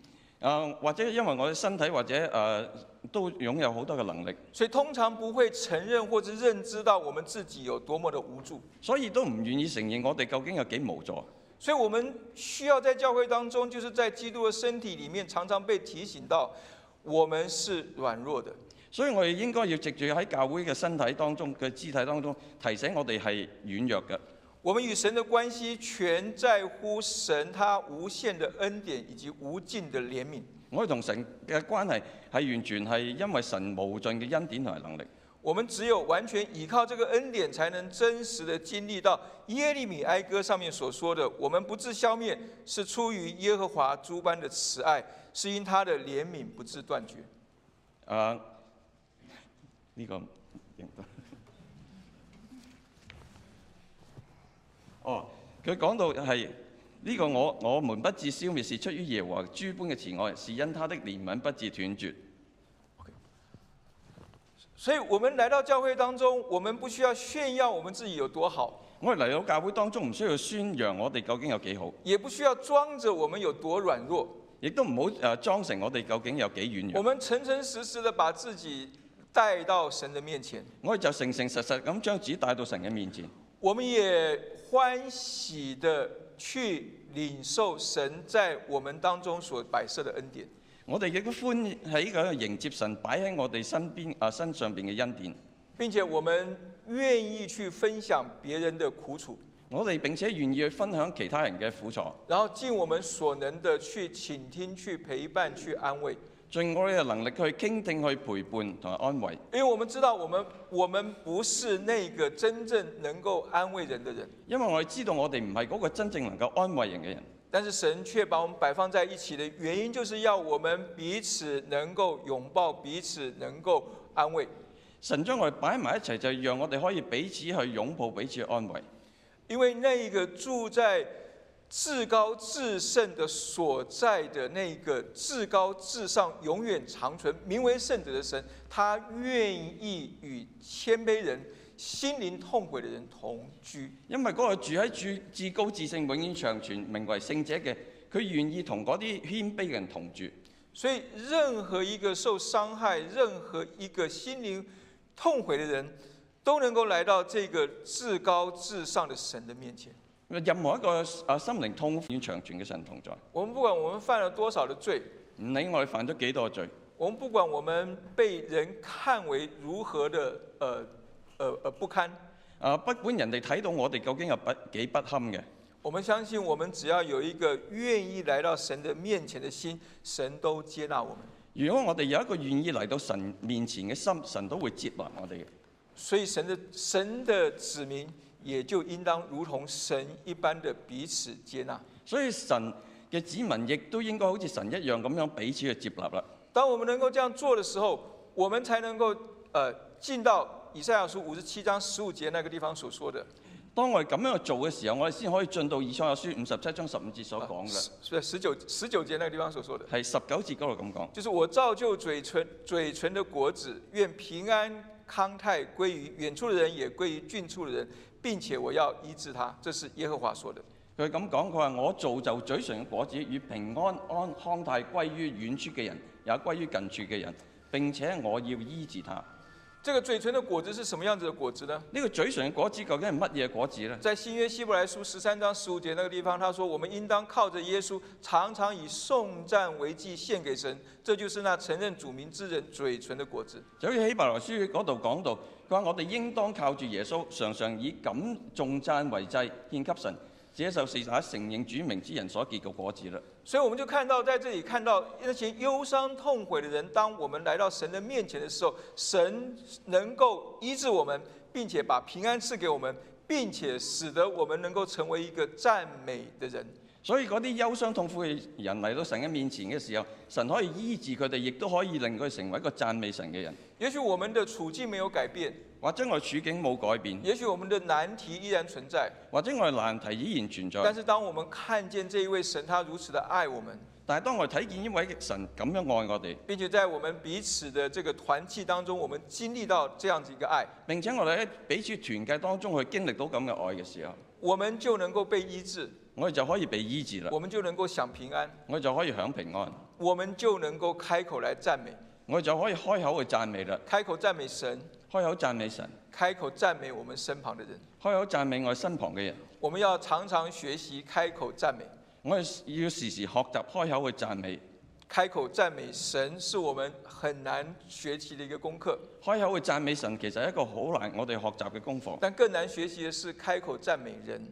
呃、或者因為我的身體或者誒。呃都擁有好多嘅能力，所以通常不會承認或者認知到我們自己有多麼的無助，所以都唔願意承認我哋究竟有幾無助。所以我們需要在教會當中，就是在基督嘅身體裏面，常常被提醒到我們是軟弱的。所以我哋應該要直接喺教會嘅身體當中嘅肢體當中，提醒我哋係軟弱嘅。我們與神嘅關係全在乎神他無限嘅恩典以及無盡嘅憐憫。我哋同神嘅關係係完全係因為神無盡嘅恩典同埋能力。我們只有完全倚靠這個恩典，才能真實地經歷到耶利米哀歌上面所說的：我們不至消滅，是出於耶和華諸般的慈愛，是因他的憐憫不致斷絕。啊、uh, 這個，呢 個哦，佢講到係。呢、這個我我們不致消滅，是出於耶和華諸般嘅慈愛，是因他的憐憫不致斷絕。Okay. 所以，我們來到教會當中，我們不需要炫耀我們自己有多好。我哋嚟到教會當中唔需要宣揚我哋究竟有幾好，也不需要裝着我們有多軟弱，亦都唔好誒裝成我哋究竟有幾軟弱。我們誠誠實實的把自己帶到神的面前，我哋就誠誠實實咁將自己帶到神嘅面前。我們也歡喜的去。領受神在我們當中所擺設的恩典，我哋亦都歡喜咁樣迎接神擺喺我哋身邊啊身上邊嘅恩典，並且我們願意去分享別人的苦楚，我哋並且願意去分享其他人嘅苦楚，然後盡我們所能的去傾聽、去陪伴、去安慰。盡我哋嘅能力去傾聽、去陪伴同埋安慰。因為我們知道，我們我們不是那個真正能夠安慰人嘅人。因為我哋知道，我哋唔係嗰個真正能夠安慰人嘅人。但是神卻把我們擺放在一起嘅原因，就是要我們彼此能夠擁抱，彼此能夠安慰。神將我哋擺埋一齊，就讓我哋可以彼此去擁抱、彼此去安慰。因為那個住在至高至聖的所在的那個至高至上、永遠長存、名為聖者的神，他願意與謙卑人心靈痛悔的人同居。因為嗰個住喺住至高至聖、永遠長存、名為聖者嘅，佢願意同嗰啲謙卑嘅人同住。所以，任何一個受傷害、任何一個心靈痛悔的人，都能夠來到這個至高至上的神的面前。任何一個啊，心靈痛苦長存嘅神同在。我們不管我們犯了多少的罪，唔理我哋犯咗幾多罪，我們不管我們被人看為如何的，呃，呃，呃不堪，啊，不管人哋睇到我哋究竟有不幾不堪嘅。我們相信，我們只要有一個願意來到神的面前的心，神都接納我們。如果我哋有一個願意嚟到神面前嘅心，神都會接納我哋嘅。所以神的神的子民。也就應當如同神一般的彼此接納，所以神嘅子民亦都應該好似神一樣咁樣彼此去接納啦。當我們能夠這樣做的時候，我們才能夠、呃、進到以賽亞書五十七章十五節那個地方所說的。當我哋咁樣做嘅時候，我哋先可以進到以賽亞書五十七章十五節所講嘅，唔係，十九十九節那個地方所說的。係十九節嗰度咁講，就是我造就嘴唇嘴唇的果子，願平安。康泰歸於遠處的人，也歸於近處的人，並且我要醫治他，這是耶和華說的。佢咁講，佢話我造就嘴唇嘅果子，與平安安康泰歸於遠處嘅人，也歸於近處嘅人，並且我要醫治他。這個嘴唇的果子是什麼樣子的果子呢？呢、這個嘴唇嘅果子究竟係乜嘢果子呢？在新約希伯來書十三章十五節那個地方，他說：我們應當靠着耶穌，常常以頌讚為祭獻給神，這就是那承認主名之人嘴唇的果子。所以希伯來書嗰度講到，佢話我哋應當靠住耶穌，常常以咁頌讚為祭獻給神。接受事實，承認主名之人所結的果子啦。所以我們就看到，在這裡看到那些憂傷痛悔的人，當我們來到神的面前的時候，神能夠醫治我們，並且把平安賜給我們，並且使得我們能夠成為一個讚美的人。所以嗰啲憂傷痛苦嘅人嚟到神嘅面前嘅時候，神可以醫治佢哋，亦都可以令佢成為一個讚美神嘅人。也許我們的處境沒有改變。或者我處境冇改變，也許我們的難題依然存在。或者我嘅難題依然存在。但是當我們看見這一位神，他如此的愛我們。但係當我睇見一位神咁樣愛我哋。並且在我們彼此的這個團契當中，我們經歷到這樣子一個愛。並且我哋喺彼此團契當中去經歷到咁嘅愛嘅時候，我們就能夠被醫治。我哋就可以被醫治啦。我們就能夠享平安。我哋就可以享平安。我們就能夠開口來讚美。我就可以開口去讚美啦。開口讚美神，開口讚美神，開口讚美我們身旁的人，開口讚美我身旁嘅人。我們要常常學習開口讚美。我哋要時時學習開口去讚美。開口讚美神是我們很難學習的一個功課。開口去讚美神其實一個好難我哋學習嘅功課。但更難學習嘅是開口讚美人。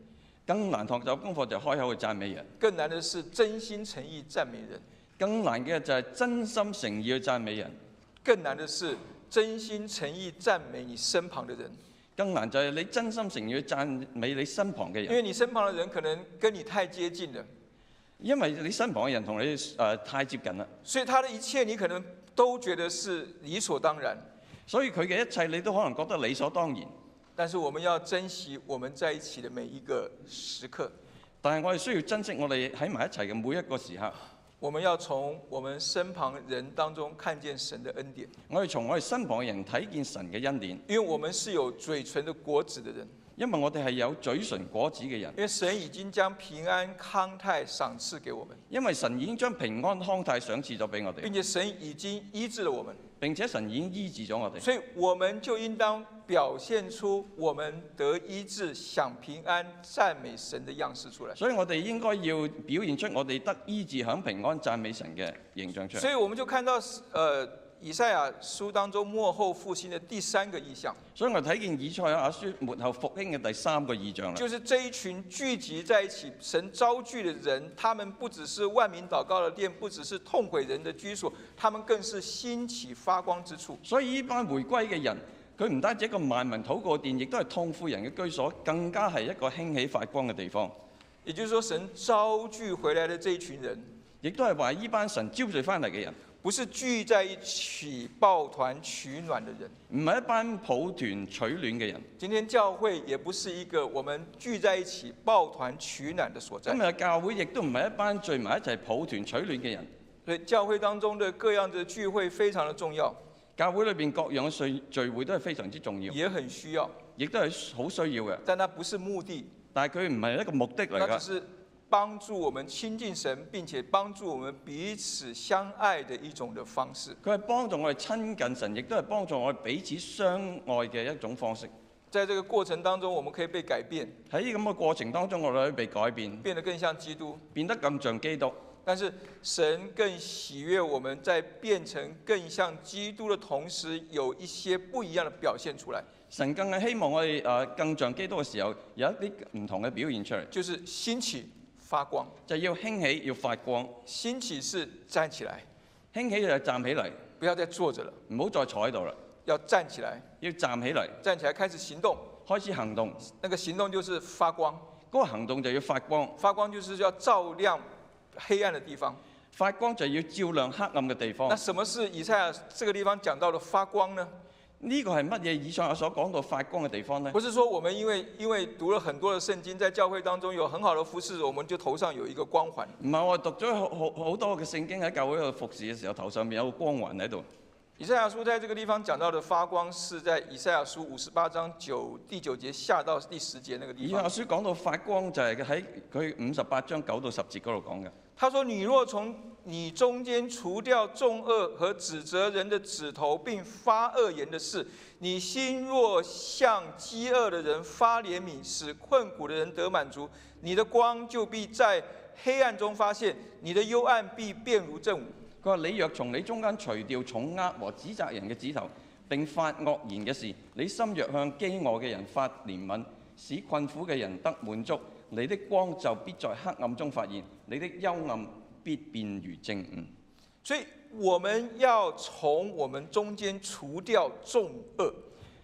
更難學習功課就係開口去讚美人。更難嘅是真心誠意讚美人。更難嘅就係真心誠意去讚美人，更難的是真心誠意讚美你身旁的人，更難就係你真心誠意讚美你身旁嘅人。因為你身旁嘅人可能跟你太接近了，因為你身旁嘅人同你誒太接近啦，所以他的一切你可能都覺得是理所當然，所以佢嘅一切你都可能覺得理所當然。但是我們要珍惜我們在一起的每一個時刻，但係我哋需要珍惜我哋喺埋一齊嘅每一個時刻。我們要從我們身旁人當中看見神的恩典，我要從我哋身旁人睇見神嘅恩典，因為我們是有嘴唇的果子的人，因為我哋係有嘴唇果子嘅人，因為神已經將平安康泰賞賜給我們，因為神已經將平安康泰賞賜咗俾我哋，並且神已經醫治了我們。並且神已經醫治咗我哋，所以我們就應當表，表現出我們得醫治、享平安、讚美神的樣式出來。所以我哋應該要表現出我哋得醫治、享平安、讚美神嘅形象出嚟。所以我們就看到，誒、呃。以賽亞書當中末後復興的第三個意象，所以我睇見以賽亞書末後復興嘅第三個意象啦。就是這一群聚集在一起神召聚的人，他們不只是萬民禱告的殿，不只是痛悔人的居所，他們更是興起發光之處。所以呢班回歸嘅人，佢唔單止一個萬民禱告的殿，亦都係痛悔人嘅居所，更加係一個興起發光嘅地方。也就是說神召聚回來的這羣人，亦都係話呢班神招聚翻嚟嘅人。不是聚在一起抱團取暖的人，唔係一班抱團取暖嘅人。今天教會也不是一個我們聚在一起抱團取暖的所在的。今日教會亦都唔係一班聚埋一齊抱團取暖嘅人。所以教會當中的各樣嘅聚會非常的重要。教會裏邊各樣嘅聚會都係非常之重要，也很需要，亦都係好需要嘅。但它不是目的。但係，佢唔係一個目的嚟㗎。幫助我們親近神，並且幫助我們彼此相愛的一種的方式。佢係幫助我哋親近神，亦都係幫助我哋彼此相愛嘅一種方式。在這個過程當中，我們可以被改變。喺咁嘅過程當中，我哋可以被改變，變得更像基督，變得更像基督。但是神更喜悅我們在變成更像基督的同時，有一些不一樣的表現出來。神更係希望我哋誒更像基督嘅時候，有一啲唔同嘅表現出嚟，就是興起。發光就要興起，要發光。興起是站起來，興起就是站起來，不要再坐着了，唔好再坐喺度了。要站起來，要站起來，站起來開始行動，開始行動，那個行動就是發光，嗰個行動就要發光，發光就是要照亮黑暗的地方，發光就要照亮黑暗嘅地方。那什麼是以賽亞這個地方講到的發光呢？呢、這個係乜嘢？以上我所講到發光嘅地方呢？不是說我們因為因為讀了很多嘅聖經，在教會當中有很好的服侍，我們就頭上有一個光環？唔係，我讀咗好好，好多嘅聖經喺教會度服侍嘅時候，頭上面有個光環喺度。以賽亞書在這個地方講到的發光，是在以賽亞書五十八章九第九節下到第十節那個地方。以賽亞書講到發光就係喺佢五十八章九到十節嗰度講嘅。他說：你若從你中間除掉重軛和指責人的指頭，並發惡言的事，你心若向飢餓的人發憐憫，使困苦的人得滿足，你的光就必在黑暗中發現，你的幽暗必變如正午。佢話：你若從你中間除掉重軛和指責人嘅指頭，並發惡言嘅事，你心若向飢餓嘅人發憐憫，使困苦嘅人得滿足，你的光就必在黑暗中發現，你的幽暗。必辨於正誤。嗯，所以我們要從我們中間除掉重軛，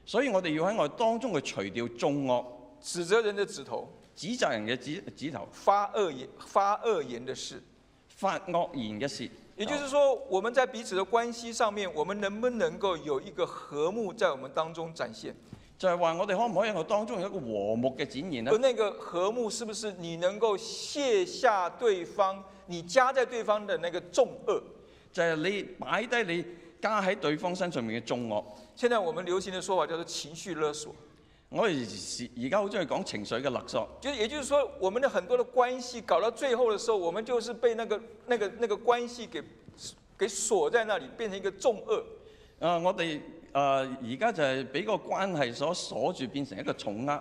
所以我哋要喺我哋當中去除掉重軛，指責人嘅指頭，指責人嘅指指頭，發惡言、發惡言嘅事，發惡言嘅事。也就是說，我們在彼此嘅關係上面，我們能不能夠有一個和睦在我們當中展現？就係、是、話我哋可唔可以喺我當中有一個和睦嘅展現呢？而、那個和睦，是不是你能夠卸下對方？你加在對方的那個重軛，就係、是、你擺低你加喺對方身上面嘅重軛。現在我們流行嘅說法叫做情緒勒索。我而而家好中意講情緒嘅勒索，就係，也就是說，我們的很多嘅關係搞到最後嘅時候，我們就是被那個、那個、那個、那個、關係給，給鎖在那裡，變成一個重軛。啊、呃，我哋啊，而、呃、家就係俾個關係所鎖住，變成一個重壓。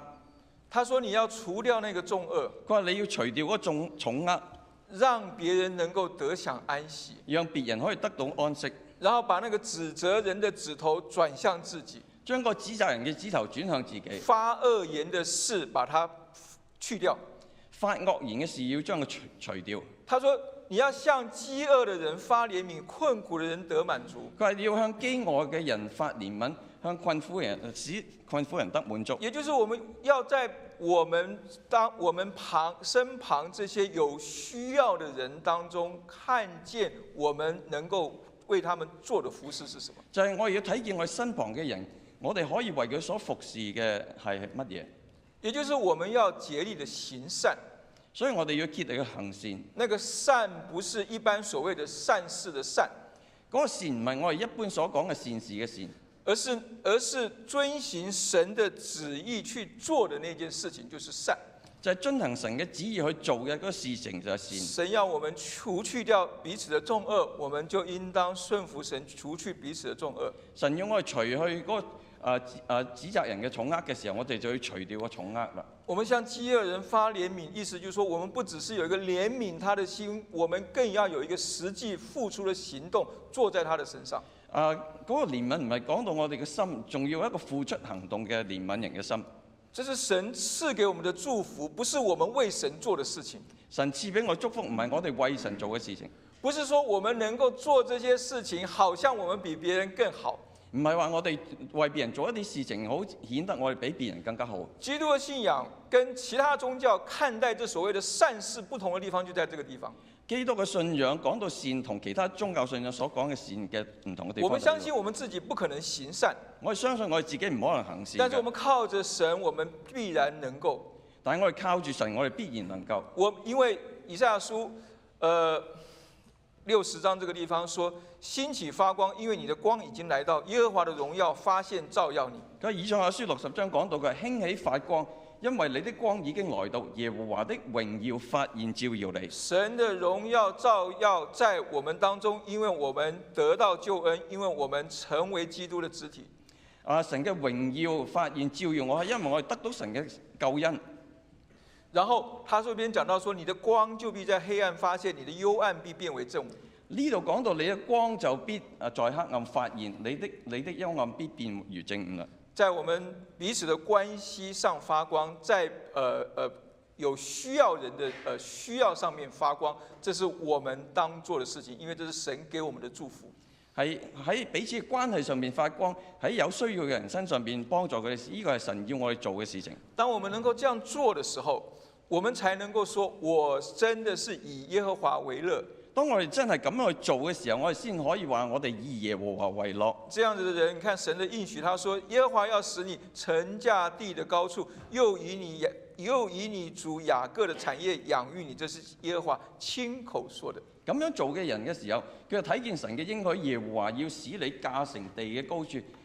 他說你要除掉那個重軛，佢話你要除掉嗰重重壓。讓別人能夠得享安息，讓別人可以得到安息，然後把那個指責人的指頭轉向自己，將個指責人嘅指頭轉向自己，發惡言的事把它去掉，發惡言嘅事要將佢除除掉。他說你要向飢餓的人發憐憫，困苦的人得滿足。佢話要向飢餓嘅人發憐憫，向困苦人使困苦人得滿足。也就是我們要在。我們當我們旁身旁這些有需要的人當中，看見我們能夠為他們做的服侍是什麼？就係、是、我哋要睇見我身旁嘅人，我哋可以為佢所服侍嘅係乜嘢？也就是我們要竭力地行善，所以我哋要竭力去行善。那個善不是一般所謂的善事的善，嗰、個善唔係我哋一般所講嘅善事嘅善。而是而是遵循神的旨意去做的那件事情就是善，在、就是、遵行神的旨意去做嘅嗰個事情就是善。神要我們除去掉彼此的眾惡，我們就應當順服神，除去彼此的眾惡。神要我除去、那個呃呃指責人的重軛的時候，我哋就要除掉個重軛啦。我們向飢餓人發憐憫，意思就是說，我們不只是有一個憐憫他的心，我們更要有一個實際付出的行動，做在他的身上。啊！嗰個憐憫唔係講到我哋嘅心，仲要一個付出行動嘅憐憫人嘅心。這是神賜給我們的祝福，不是我們為神做的事情。神賜俾我祝福，唔係我哋為神做嘅事情。不是說我們能夠做這些事情，好像我們比別人更好。唔係話我哋為別人做一啲事情，好顯得我哋比別人更加好。基督嘅信仰跟其他宗教看待這所謂的善事不同的地方，就在這個地方。基督嘅信仰講到善同其他宗教信仰所講嘅善嘅唔同嘅地方。我們相信我們自己不可能行善。我哋相信我哋自己唔可能行善。但是我們靠着神，我們必然能夠。但係我哋靠住神，我哋必然能夠。我因為以賽亞書，呃，六十章這個地方說，說興起發光，因為你的光已經來到，耶和華的榮耀發現照耀你。睇以賽亞書六十章講到嘅興起發光。因為你的光已經來到，耶和華的榮耀發現照耀你。神的榮耀照耀在我們當中，因為我們得到救恩，因為我們成為基督的肢體。啊，神嘅榮耀發現照耀我，係因為我係得到神嘅救恩。然後，他這邊講到說，你的光就必在黑暗發現，你的幽暗必變為正午。呢度講到你的光就必啊在黑暗發現，你的你的幽暗必變如正午啦。在我們彼此的關係上發光，在呃呃有需要人的呃需要上面發光，這是我們當做的事情，因為這是神給我們的祝福。喺喺彼此嘅關係上面發光，喺有需要嘅人身上面幫助佢哋，呢、這個是神要我去做嘅事情。當我們能夠這樣做的時候，我們才能夠說我真的是以耶和華為樂。當我哋真係咁樣去做嘅時候，我哋先可以話我哋以耶和華為樂。這樣子嘅人，你看神嘅應許，他說耶和華要使你乘駕地的高處，又以你雅，又以你祖雅各的產業養育你，這是耶和華親口說的。咁樣做嘅人嘅時候，佢就睇見神嘅應許，耶和華要使你駕乘地嘅高處。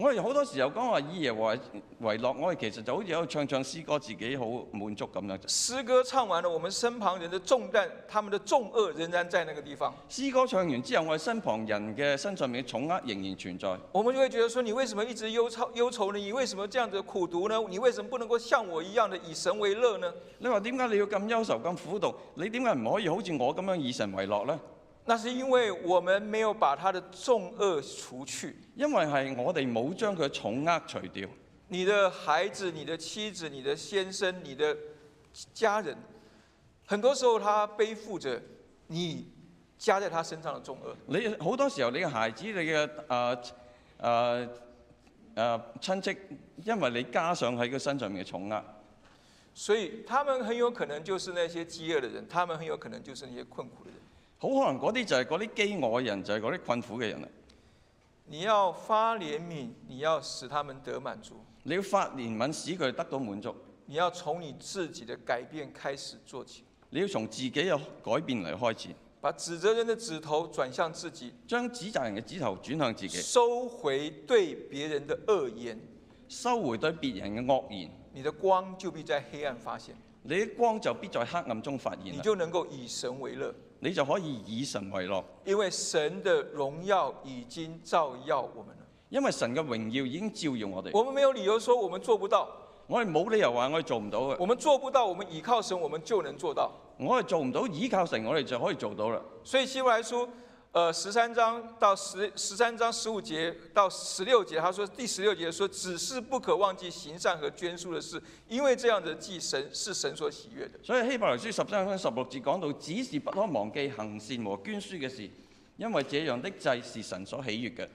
我哋好多時候講話以耶和華為樂，我哋其實就好似喺度唱唱詩歌，自己好滿足咁樣。詩歌唱完了，我們身旁人的重擔，他們的重壓仍然在那個地方。詩歌唱完之後，我哋身旁人嘅身上面嘅重壓仍然存在。我們就會覺得，說你為什麼一直憂愁、憂愁呢？你為什麼這樣子苦毒呢？你為什麼不能夠像我一樣的以神為樂呢？你話點解你要咁憂愁、咁苦毒？你點解唔可以好似我咁樣以神為樂呢？那是因為我們沒有把他的重惡除去，因為係我哋冇將佢重壓除掉。你的孩子、你的妻子、你的先生、你的家人，很多時候他背負着你加在他身上的重惡。你好多時候，你嘅孩子、你嘅啊啊親戚，因為你加上喺佢身上面嘅重壓，所以他們很有可能就是那些飢餓的人，他們很有可能就是那些困苦的人。好可能嗰啲就係嗰啲飢餓嘅人，就係嗰啲困苦嘅人嚟。你要發憐憫，你要使他們得滿足。你要發憐憫，使佢得到滿足。你要從你自己的改變開始做起。你要從自己嘅改變嚟開始。把指責人嘅指頭轉向自己，將指責人嘅指頭轉向自己。收回對別人嘅惡言，收回對別人嘅惡言。你的光就必在黑暗發現，你的光就必在黑暗中發現。你就能夠以神為樂。你就可以以神為樂，因為神的榮耀已經照耀我們了。因為神嘅榮耀已經照耀我哋。我們沒有理由說我們做不到，我哋冇理由話我哋做唔到。我們做不到，我們依靠神，我們就能做到。我哋做唔到，依靠神，我哋就可以做到啦。所以來書，希督耶穌。呃，十三章到十十三章十五節到十六節，他說第十六節說，只是不可忘記行善和捐輸的事，因為這樣的祭神是神所喜悅的。所以希伯來書十三章十六節講到，只是不可忘記行善和捐輸的事，因為這樣的祭是神所喜悅的。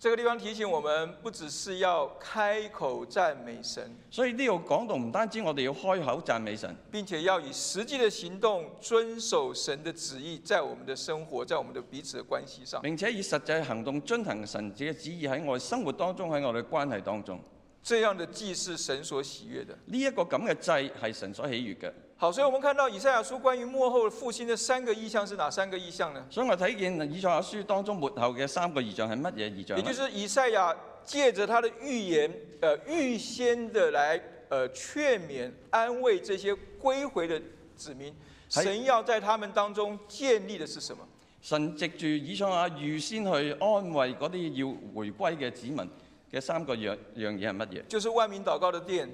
這個地方提醒我們，不只是要開口讚美神。所以呢個講道唔單止我哋要開口讚美神，並且要以實際的行動遵守神的旨意，在我們的生活在我們的彼此的關係上，並且以實際行動遵行神嘅旨意喺我生活當中喺我哋關係當中，這樣的祭,神的、這個、這樣的祭是神所喜悦的。呢一個咁嘅祭係神所喜悦嘅。好，所以我們看到以賽亞書關於末後復興的三個異象是哪三個異象呢？所以我睇見以賽亞書當中末後嘅三個異象係乜嘢異象？也就是以賽亞借着他的預言，呃，預先的來呃勸勉安慰這些歸回的子民。神要在他們當中建立的是什麼？神藉住以賽亞預先去安慰嗰啲要回歸嘅子民嘅三個樣樣嘢係乜嘢？就是萬民禱告的殿。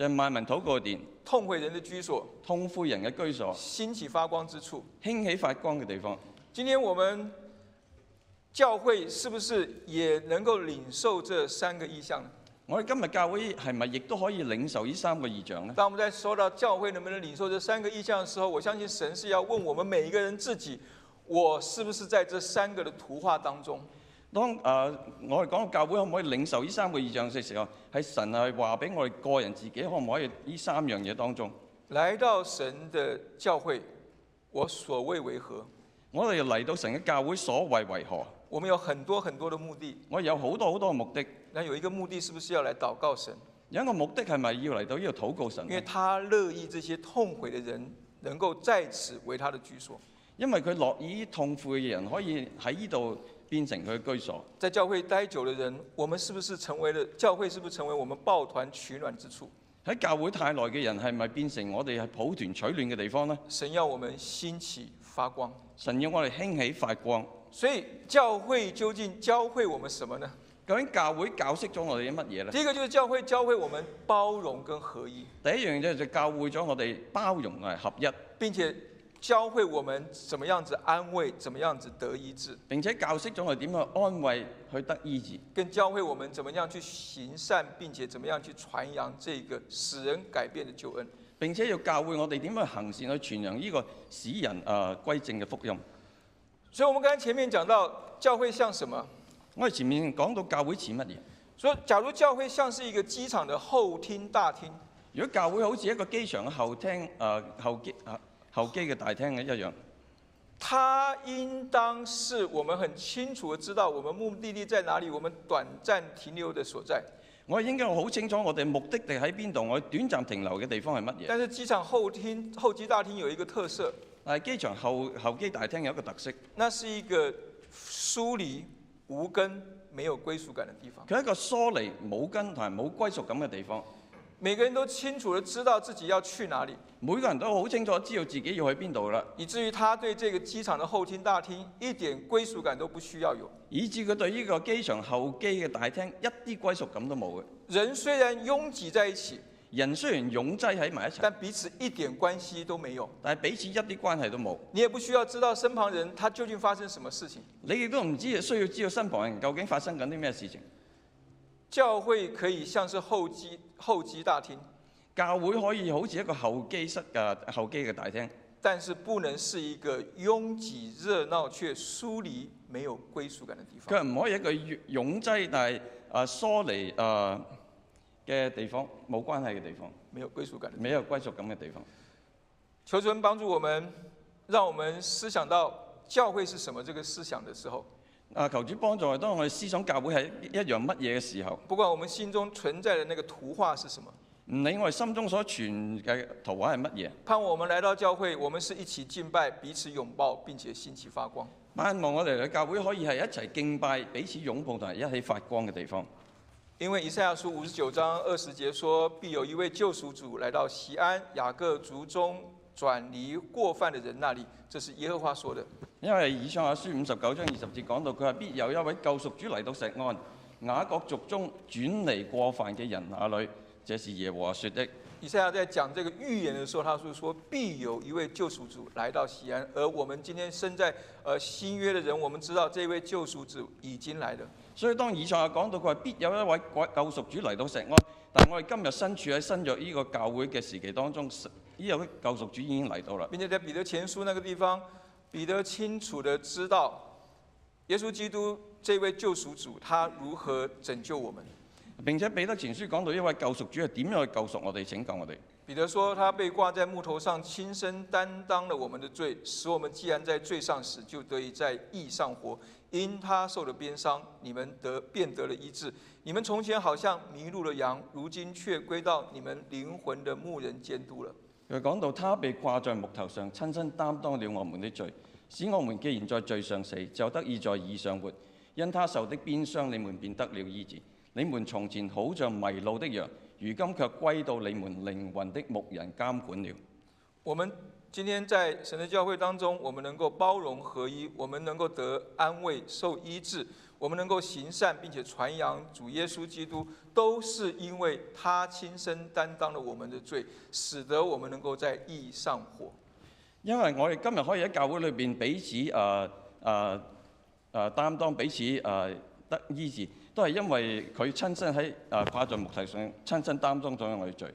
就萬民討個電，痛悔人的居所，痛悔人的居所，興起發光之處，興起發光嘅地方。今天我們教會是不是也能夠領受這三個意向呢？我哋今日教會係咪亦都可以領受呢三個意象呢？當我們在說到教會能不能領受這三個意向嘅時候，我相信神是要問我們每一個人自己，我是不是在這三個的圖畫當中？當誒、呃、我哋講到教會可唔可以領受呢三個意象嘅時候，係神係話俾我哋個人自己可唔可以呢三樣嘢當中嚟到神嘅教會，我所謂為何？我哋嚟到神嘅教會所謂為何？我們有很多很多嘅目的。我有好多好多嘅目的。那有一個目的是不是要嚟禱告神？有一個目的係咪要嚟到呢度禱告神？因為他樂意這些痛悔嘅人能夠在此為他的居所。因為佢樂意痛悔嘅人可以喺呢度。變成佢嘅居所。在教會呆久嘅人，我們是不是成為了？教會是不是成為我們抱團取暖之處？喺教會太耐嘅人，係咪變成我哋係抱團取暖嘅地方呢？神要我們興起發光，神要我哋興起發光。所以教會究竟教會我們什麼呢？究竟教會教識咗我哋啲乜嘢呢？第一個就是教會教會我們包容跟合一。第一樣嘢就教會咗我哋包容同合一。並且，教會我們怎麼樣子安慰，怎麼樣子得醫治，並且教識咗佢點去安慰，去得醫治，更教會我們怎麼樣去行善，並且怎麼樣去傳揚這個使人改變的救恩，並且要教會我哋點樣行善去傳揚呢個使人誒、呃、歸正嘅福音。所以，我們剛才前面講到教會像什麼？我哋前面講到教會似乜嘢？所以，假如教會像是一個機場嘅後廳大廳，如果教會好似一個機場嘅後廳誒、呃、後機啊。候機嘅大廳嘅一樣，它應當是我們很清楚的知道我們目的地在哪裡，我們短暫停留的所在。我應該好清楚我哋目的地喺邊度，我短暫停留嘅地方係乜嘢？但是機場候廳、候機大廳有一個特色，嗱，機場候候機大廳有一個特色，那是一個疏離、無根、沒有歸屬感的地方。佢係一個疏離、冇根同埋冇歸屬感嘅地方。每個人都清楚地知道自己要去哪裡，每個人都好清楚知道自己要去邊度啦，以至於他對這個機場的候機大廳一點歸屬感都不需要有，以至佢對呢個機場候機嘅大廳一啲歸屬感都冇嘅。人雖然擁擠在一起，人雖然擁擠喺埋一齊，但彼此一點關係都沒有，但係彼此一啲關係都冇。你也不需要知道身旁人他究竟發生什麼事情，你亦都唔知不需要知道身旁人究竟發生緊啲咩事情。教會可以像是候機候機大廳，教會可以好似一個候機室嘅候機嘅大廳，但是不能是一個擁擠熱鬧卻疏離沒、呃呃沒、沒有歸屬感的地方。佢唔可以一個擁擠但係啊疏離啊嘅地方，冇關係嘅地方，沒有歸屬感，沒有歸屬感嘅地方。求神幫助我們，讓我們思想到教會是什麼這個思想的時候。啊！求主幫助。當我哋思想教會係一樣乜嘢嘅時候，不管我們心中存在的那個圖畫是什麼，唔理我哋心中所存嘅圖畫係乜嘢。盼我們來到教會，我們是一起敬拜、彼此擁抱並且興起發光。盼望我哋嘅教會可以係一齊敬拜、彼此擁抱同埋一起發光嘅地方。因為以賽亞書五十九章二十節說：必有一位救贖主來到錫安雅各族中轉離過犯的人那裏，這是耶和華說的。因為以賽亞書五十九章二十節講到，佢話必有一位救贖主嚟到錫安雅各族中轉離過犯嘅人那裏，這是耶和華說的。以賽亞在講這個預言嘅時候，佢就說，說必有一位救贖主嚟到錫安。而我們今天身在誒新約嘅人，我們知道這位救贖主已經來了。所以當以賽亞講到佢話必有一位救贖主嚟到錫安，但我哋今日身處喺新約呢個教會嘅時期當中。以後嘅救贖主已經嚟到了，並且在彼得前書那個地方，彼得清楚地知道耶穌基督這位救贖主他如何拯救我們，並且彼得前書講到一位救贖主係點樣去救贖我哋、拯救我哋。彼得說，他被掛在木頭上，親身擔當了我們的罪，使我們既然在罪上死，就得以在義上活。因他受了鞭傷，你們得便得了醫治。你們從前好像迷路了羊，如今卻歸到你們靈魂的牧人監督了。佢講到，他被掛在木頭上，親身擔當了我們的罪，使我們既然在罪上死，就得以在義上活。因他受的鞭傷，你們便得了醫治。你們從前好像迷路的羊，如今卻歸到你們靈魂的牧人監管了。我們今天在神的教會當中，我們能夠包容合一，我們能夠得安慰、受醫治。我們能夠行善，並且傳揚主耶穌基督，都是因為他親身擔當了我們的罪，使得我們能夠在義上活。因為我哋今日可以喺教會裏邊彼此啊啊啊擔當，彼此啊、呃、得醫治，都係因為佢親身喺啊、呃、掛在木頭上，親身擔當咗我哋罪，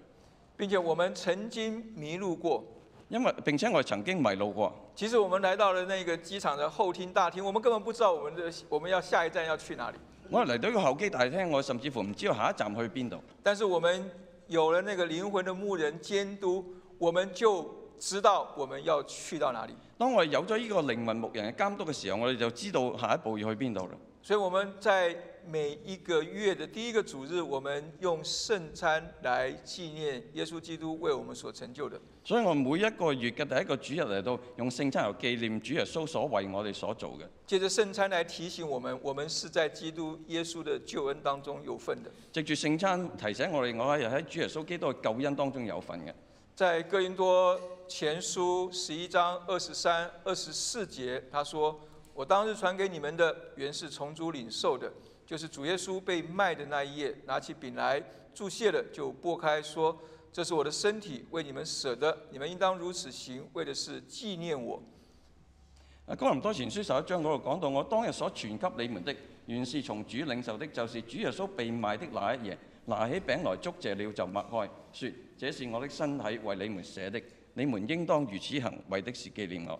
並且我們曾經迷路過。因為並且我曾經迷路過。其實我們來到了那個機場的候機大廳，我們根本不知道我們的我們要下一站要去哪裡。我嚟到一個候機大廳，我甚至乎唔知道下一站去邊度。但是我們有了那個靈魂的牧人監督，我們就知道我們要去到哪裡。當我有咗呢個靈魂牧人嘅監督嘅時候，我哋就知道下一步要去邊度啦。所以我們在每一個月的第一個主日，我們用聖餐來紀念耶穌基督為我們所成就的。所以我每一個月嘅第一個主日嚟到用聖餐嚟紀念主耶穌所為我哋所做嘅。借着聖餐來提醒我們，我們是在基督耶穌的救恩當中有份的。藉住聖餐提醒我哋，我喺主耶穌基督嘅救恩當中有份嘅。在哥林多前書十一章二十三、二十四節，他說：我當日傳給你們的，原是從主領受的。就是主耶穌被賣的那一夜，拿起餅來祝謝了，就擘開說：這是我的身體，為你們捨的，你們應當如此行，為的是紀念我。阿哥林多前書十一章嗰度講到，我當日所傳給你們的，原是從主領受的，就是主耶穌被賣的那一夜，拿起餅來祝謝了就擘開，說：這是我的身體，為你們捨的，你們應當如此行，為的是紀念我。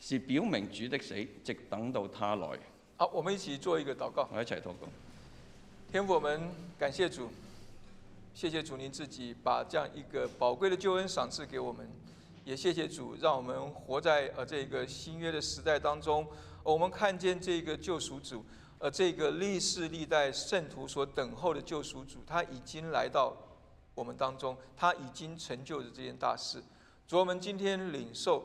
是表明主的死，直等到他來。好，我們一起做一個禱告。我們一起禱告。天父，我們感謝主，謝謝主，您自己把這樣一個寶貴的救恩賞賜給我們，也謝謝主，讓我們活在呃這個新約的時代當中。我們看見這個救贖主，呃，這個歷世歷代聖徒所等候的救贖主，他已經來到我們當中，他已經成就了這件大事。主，我們今天領受。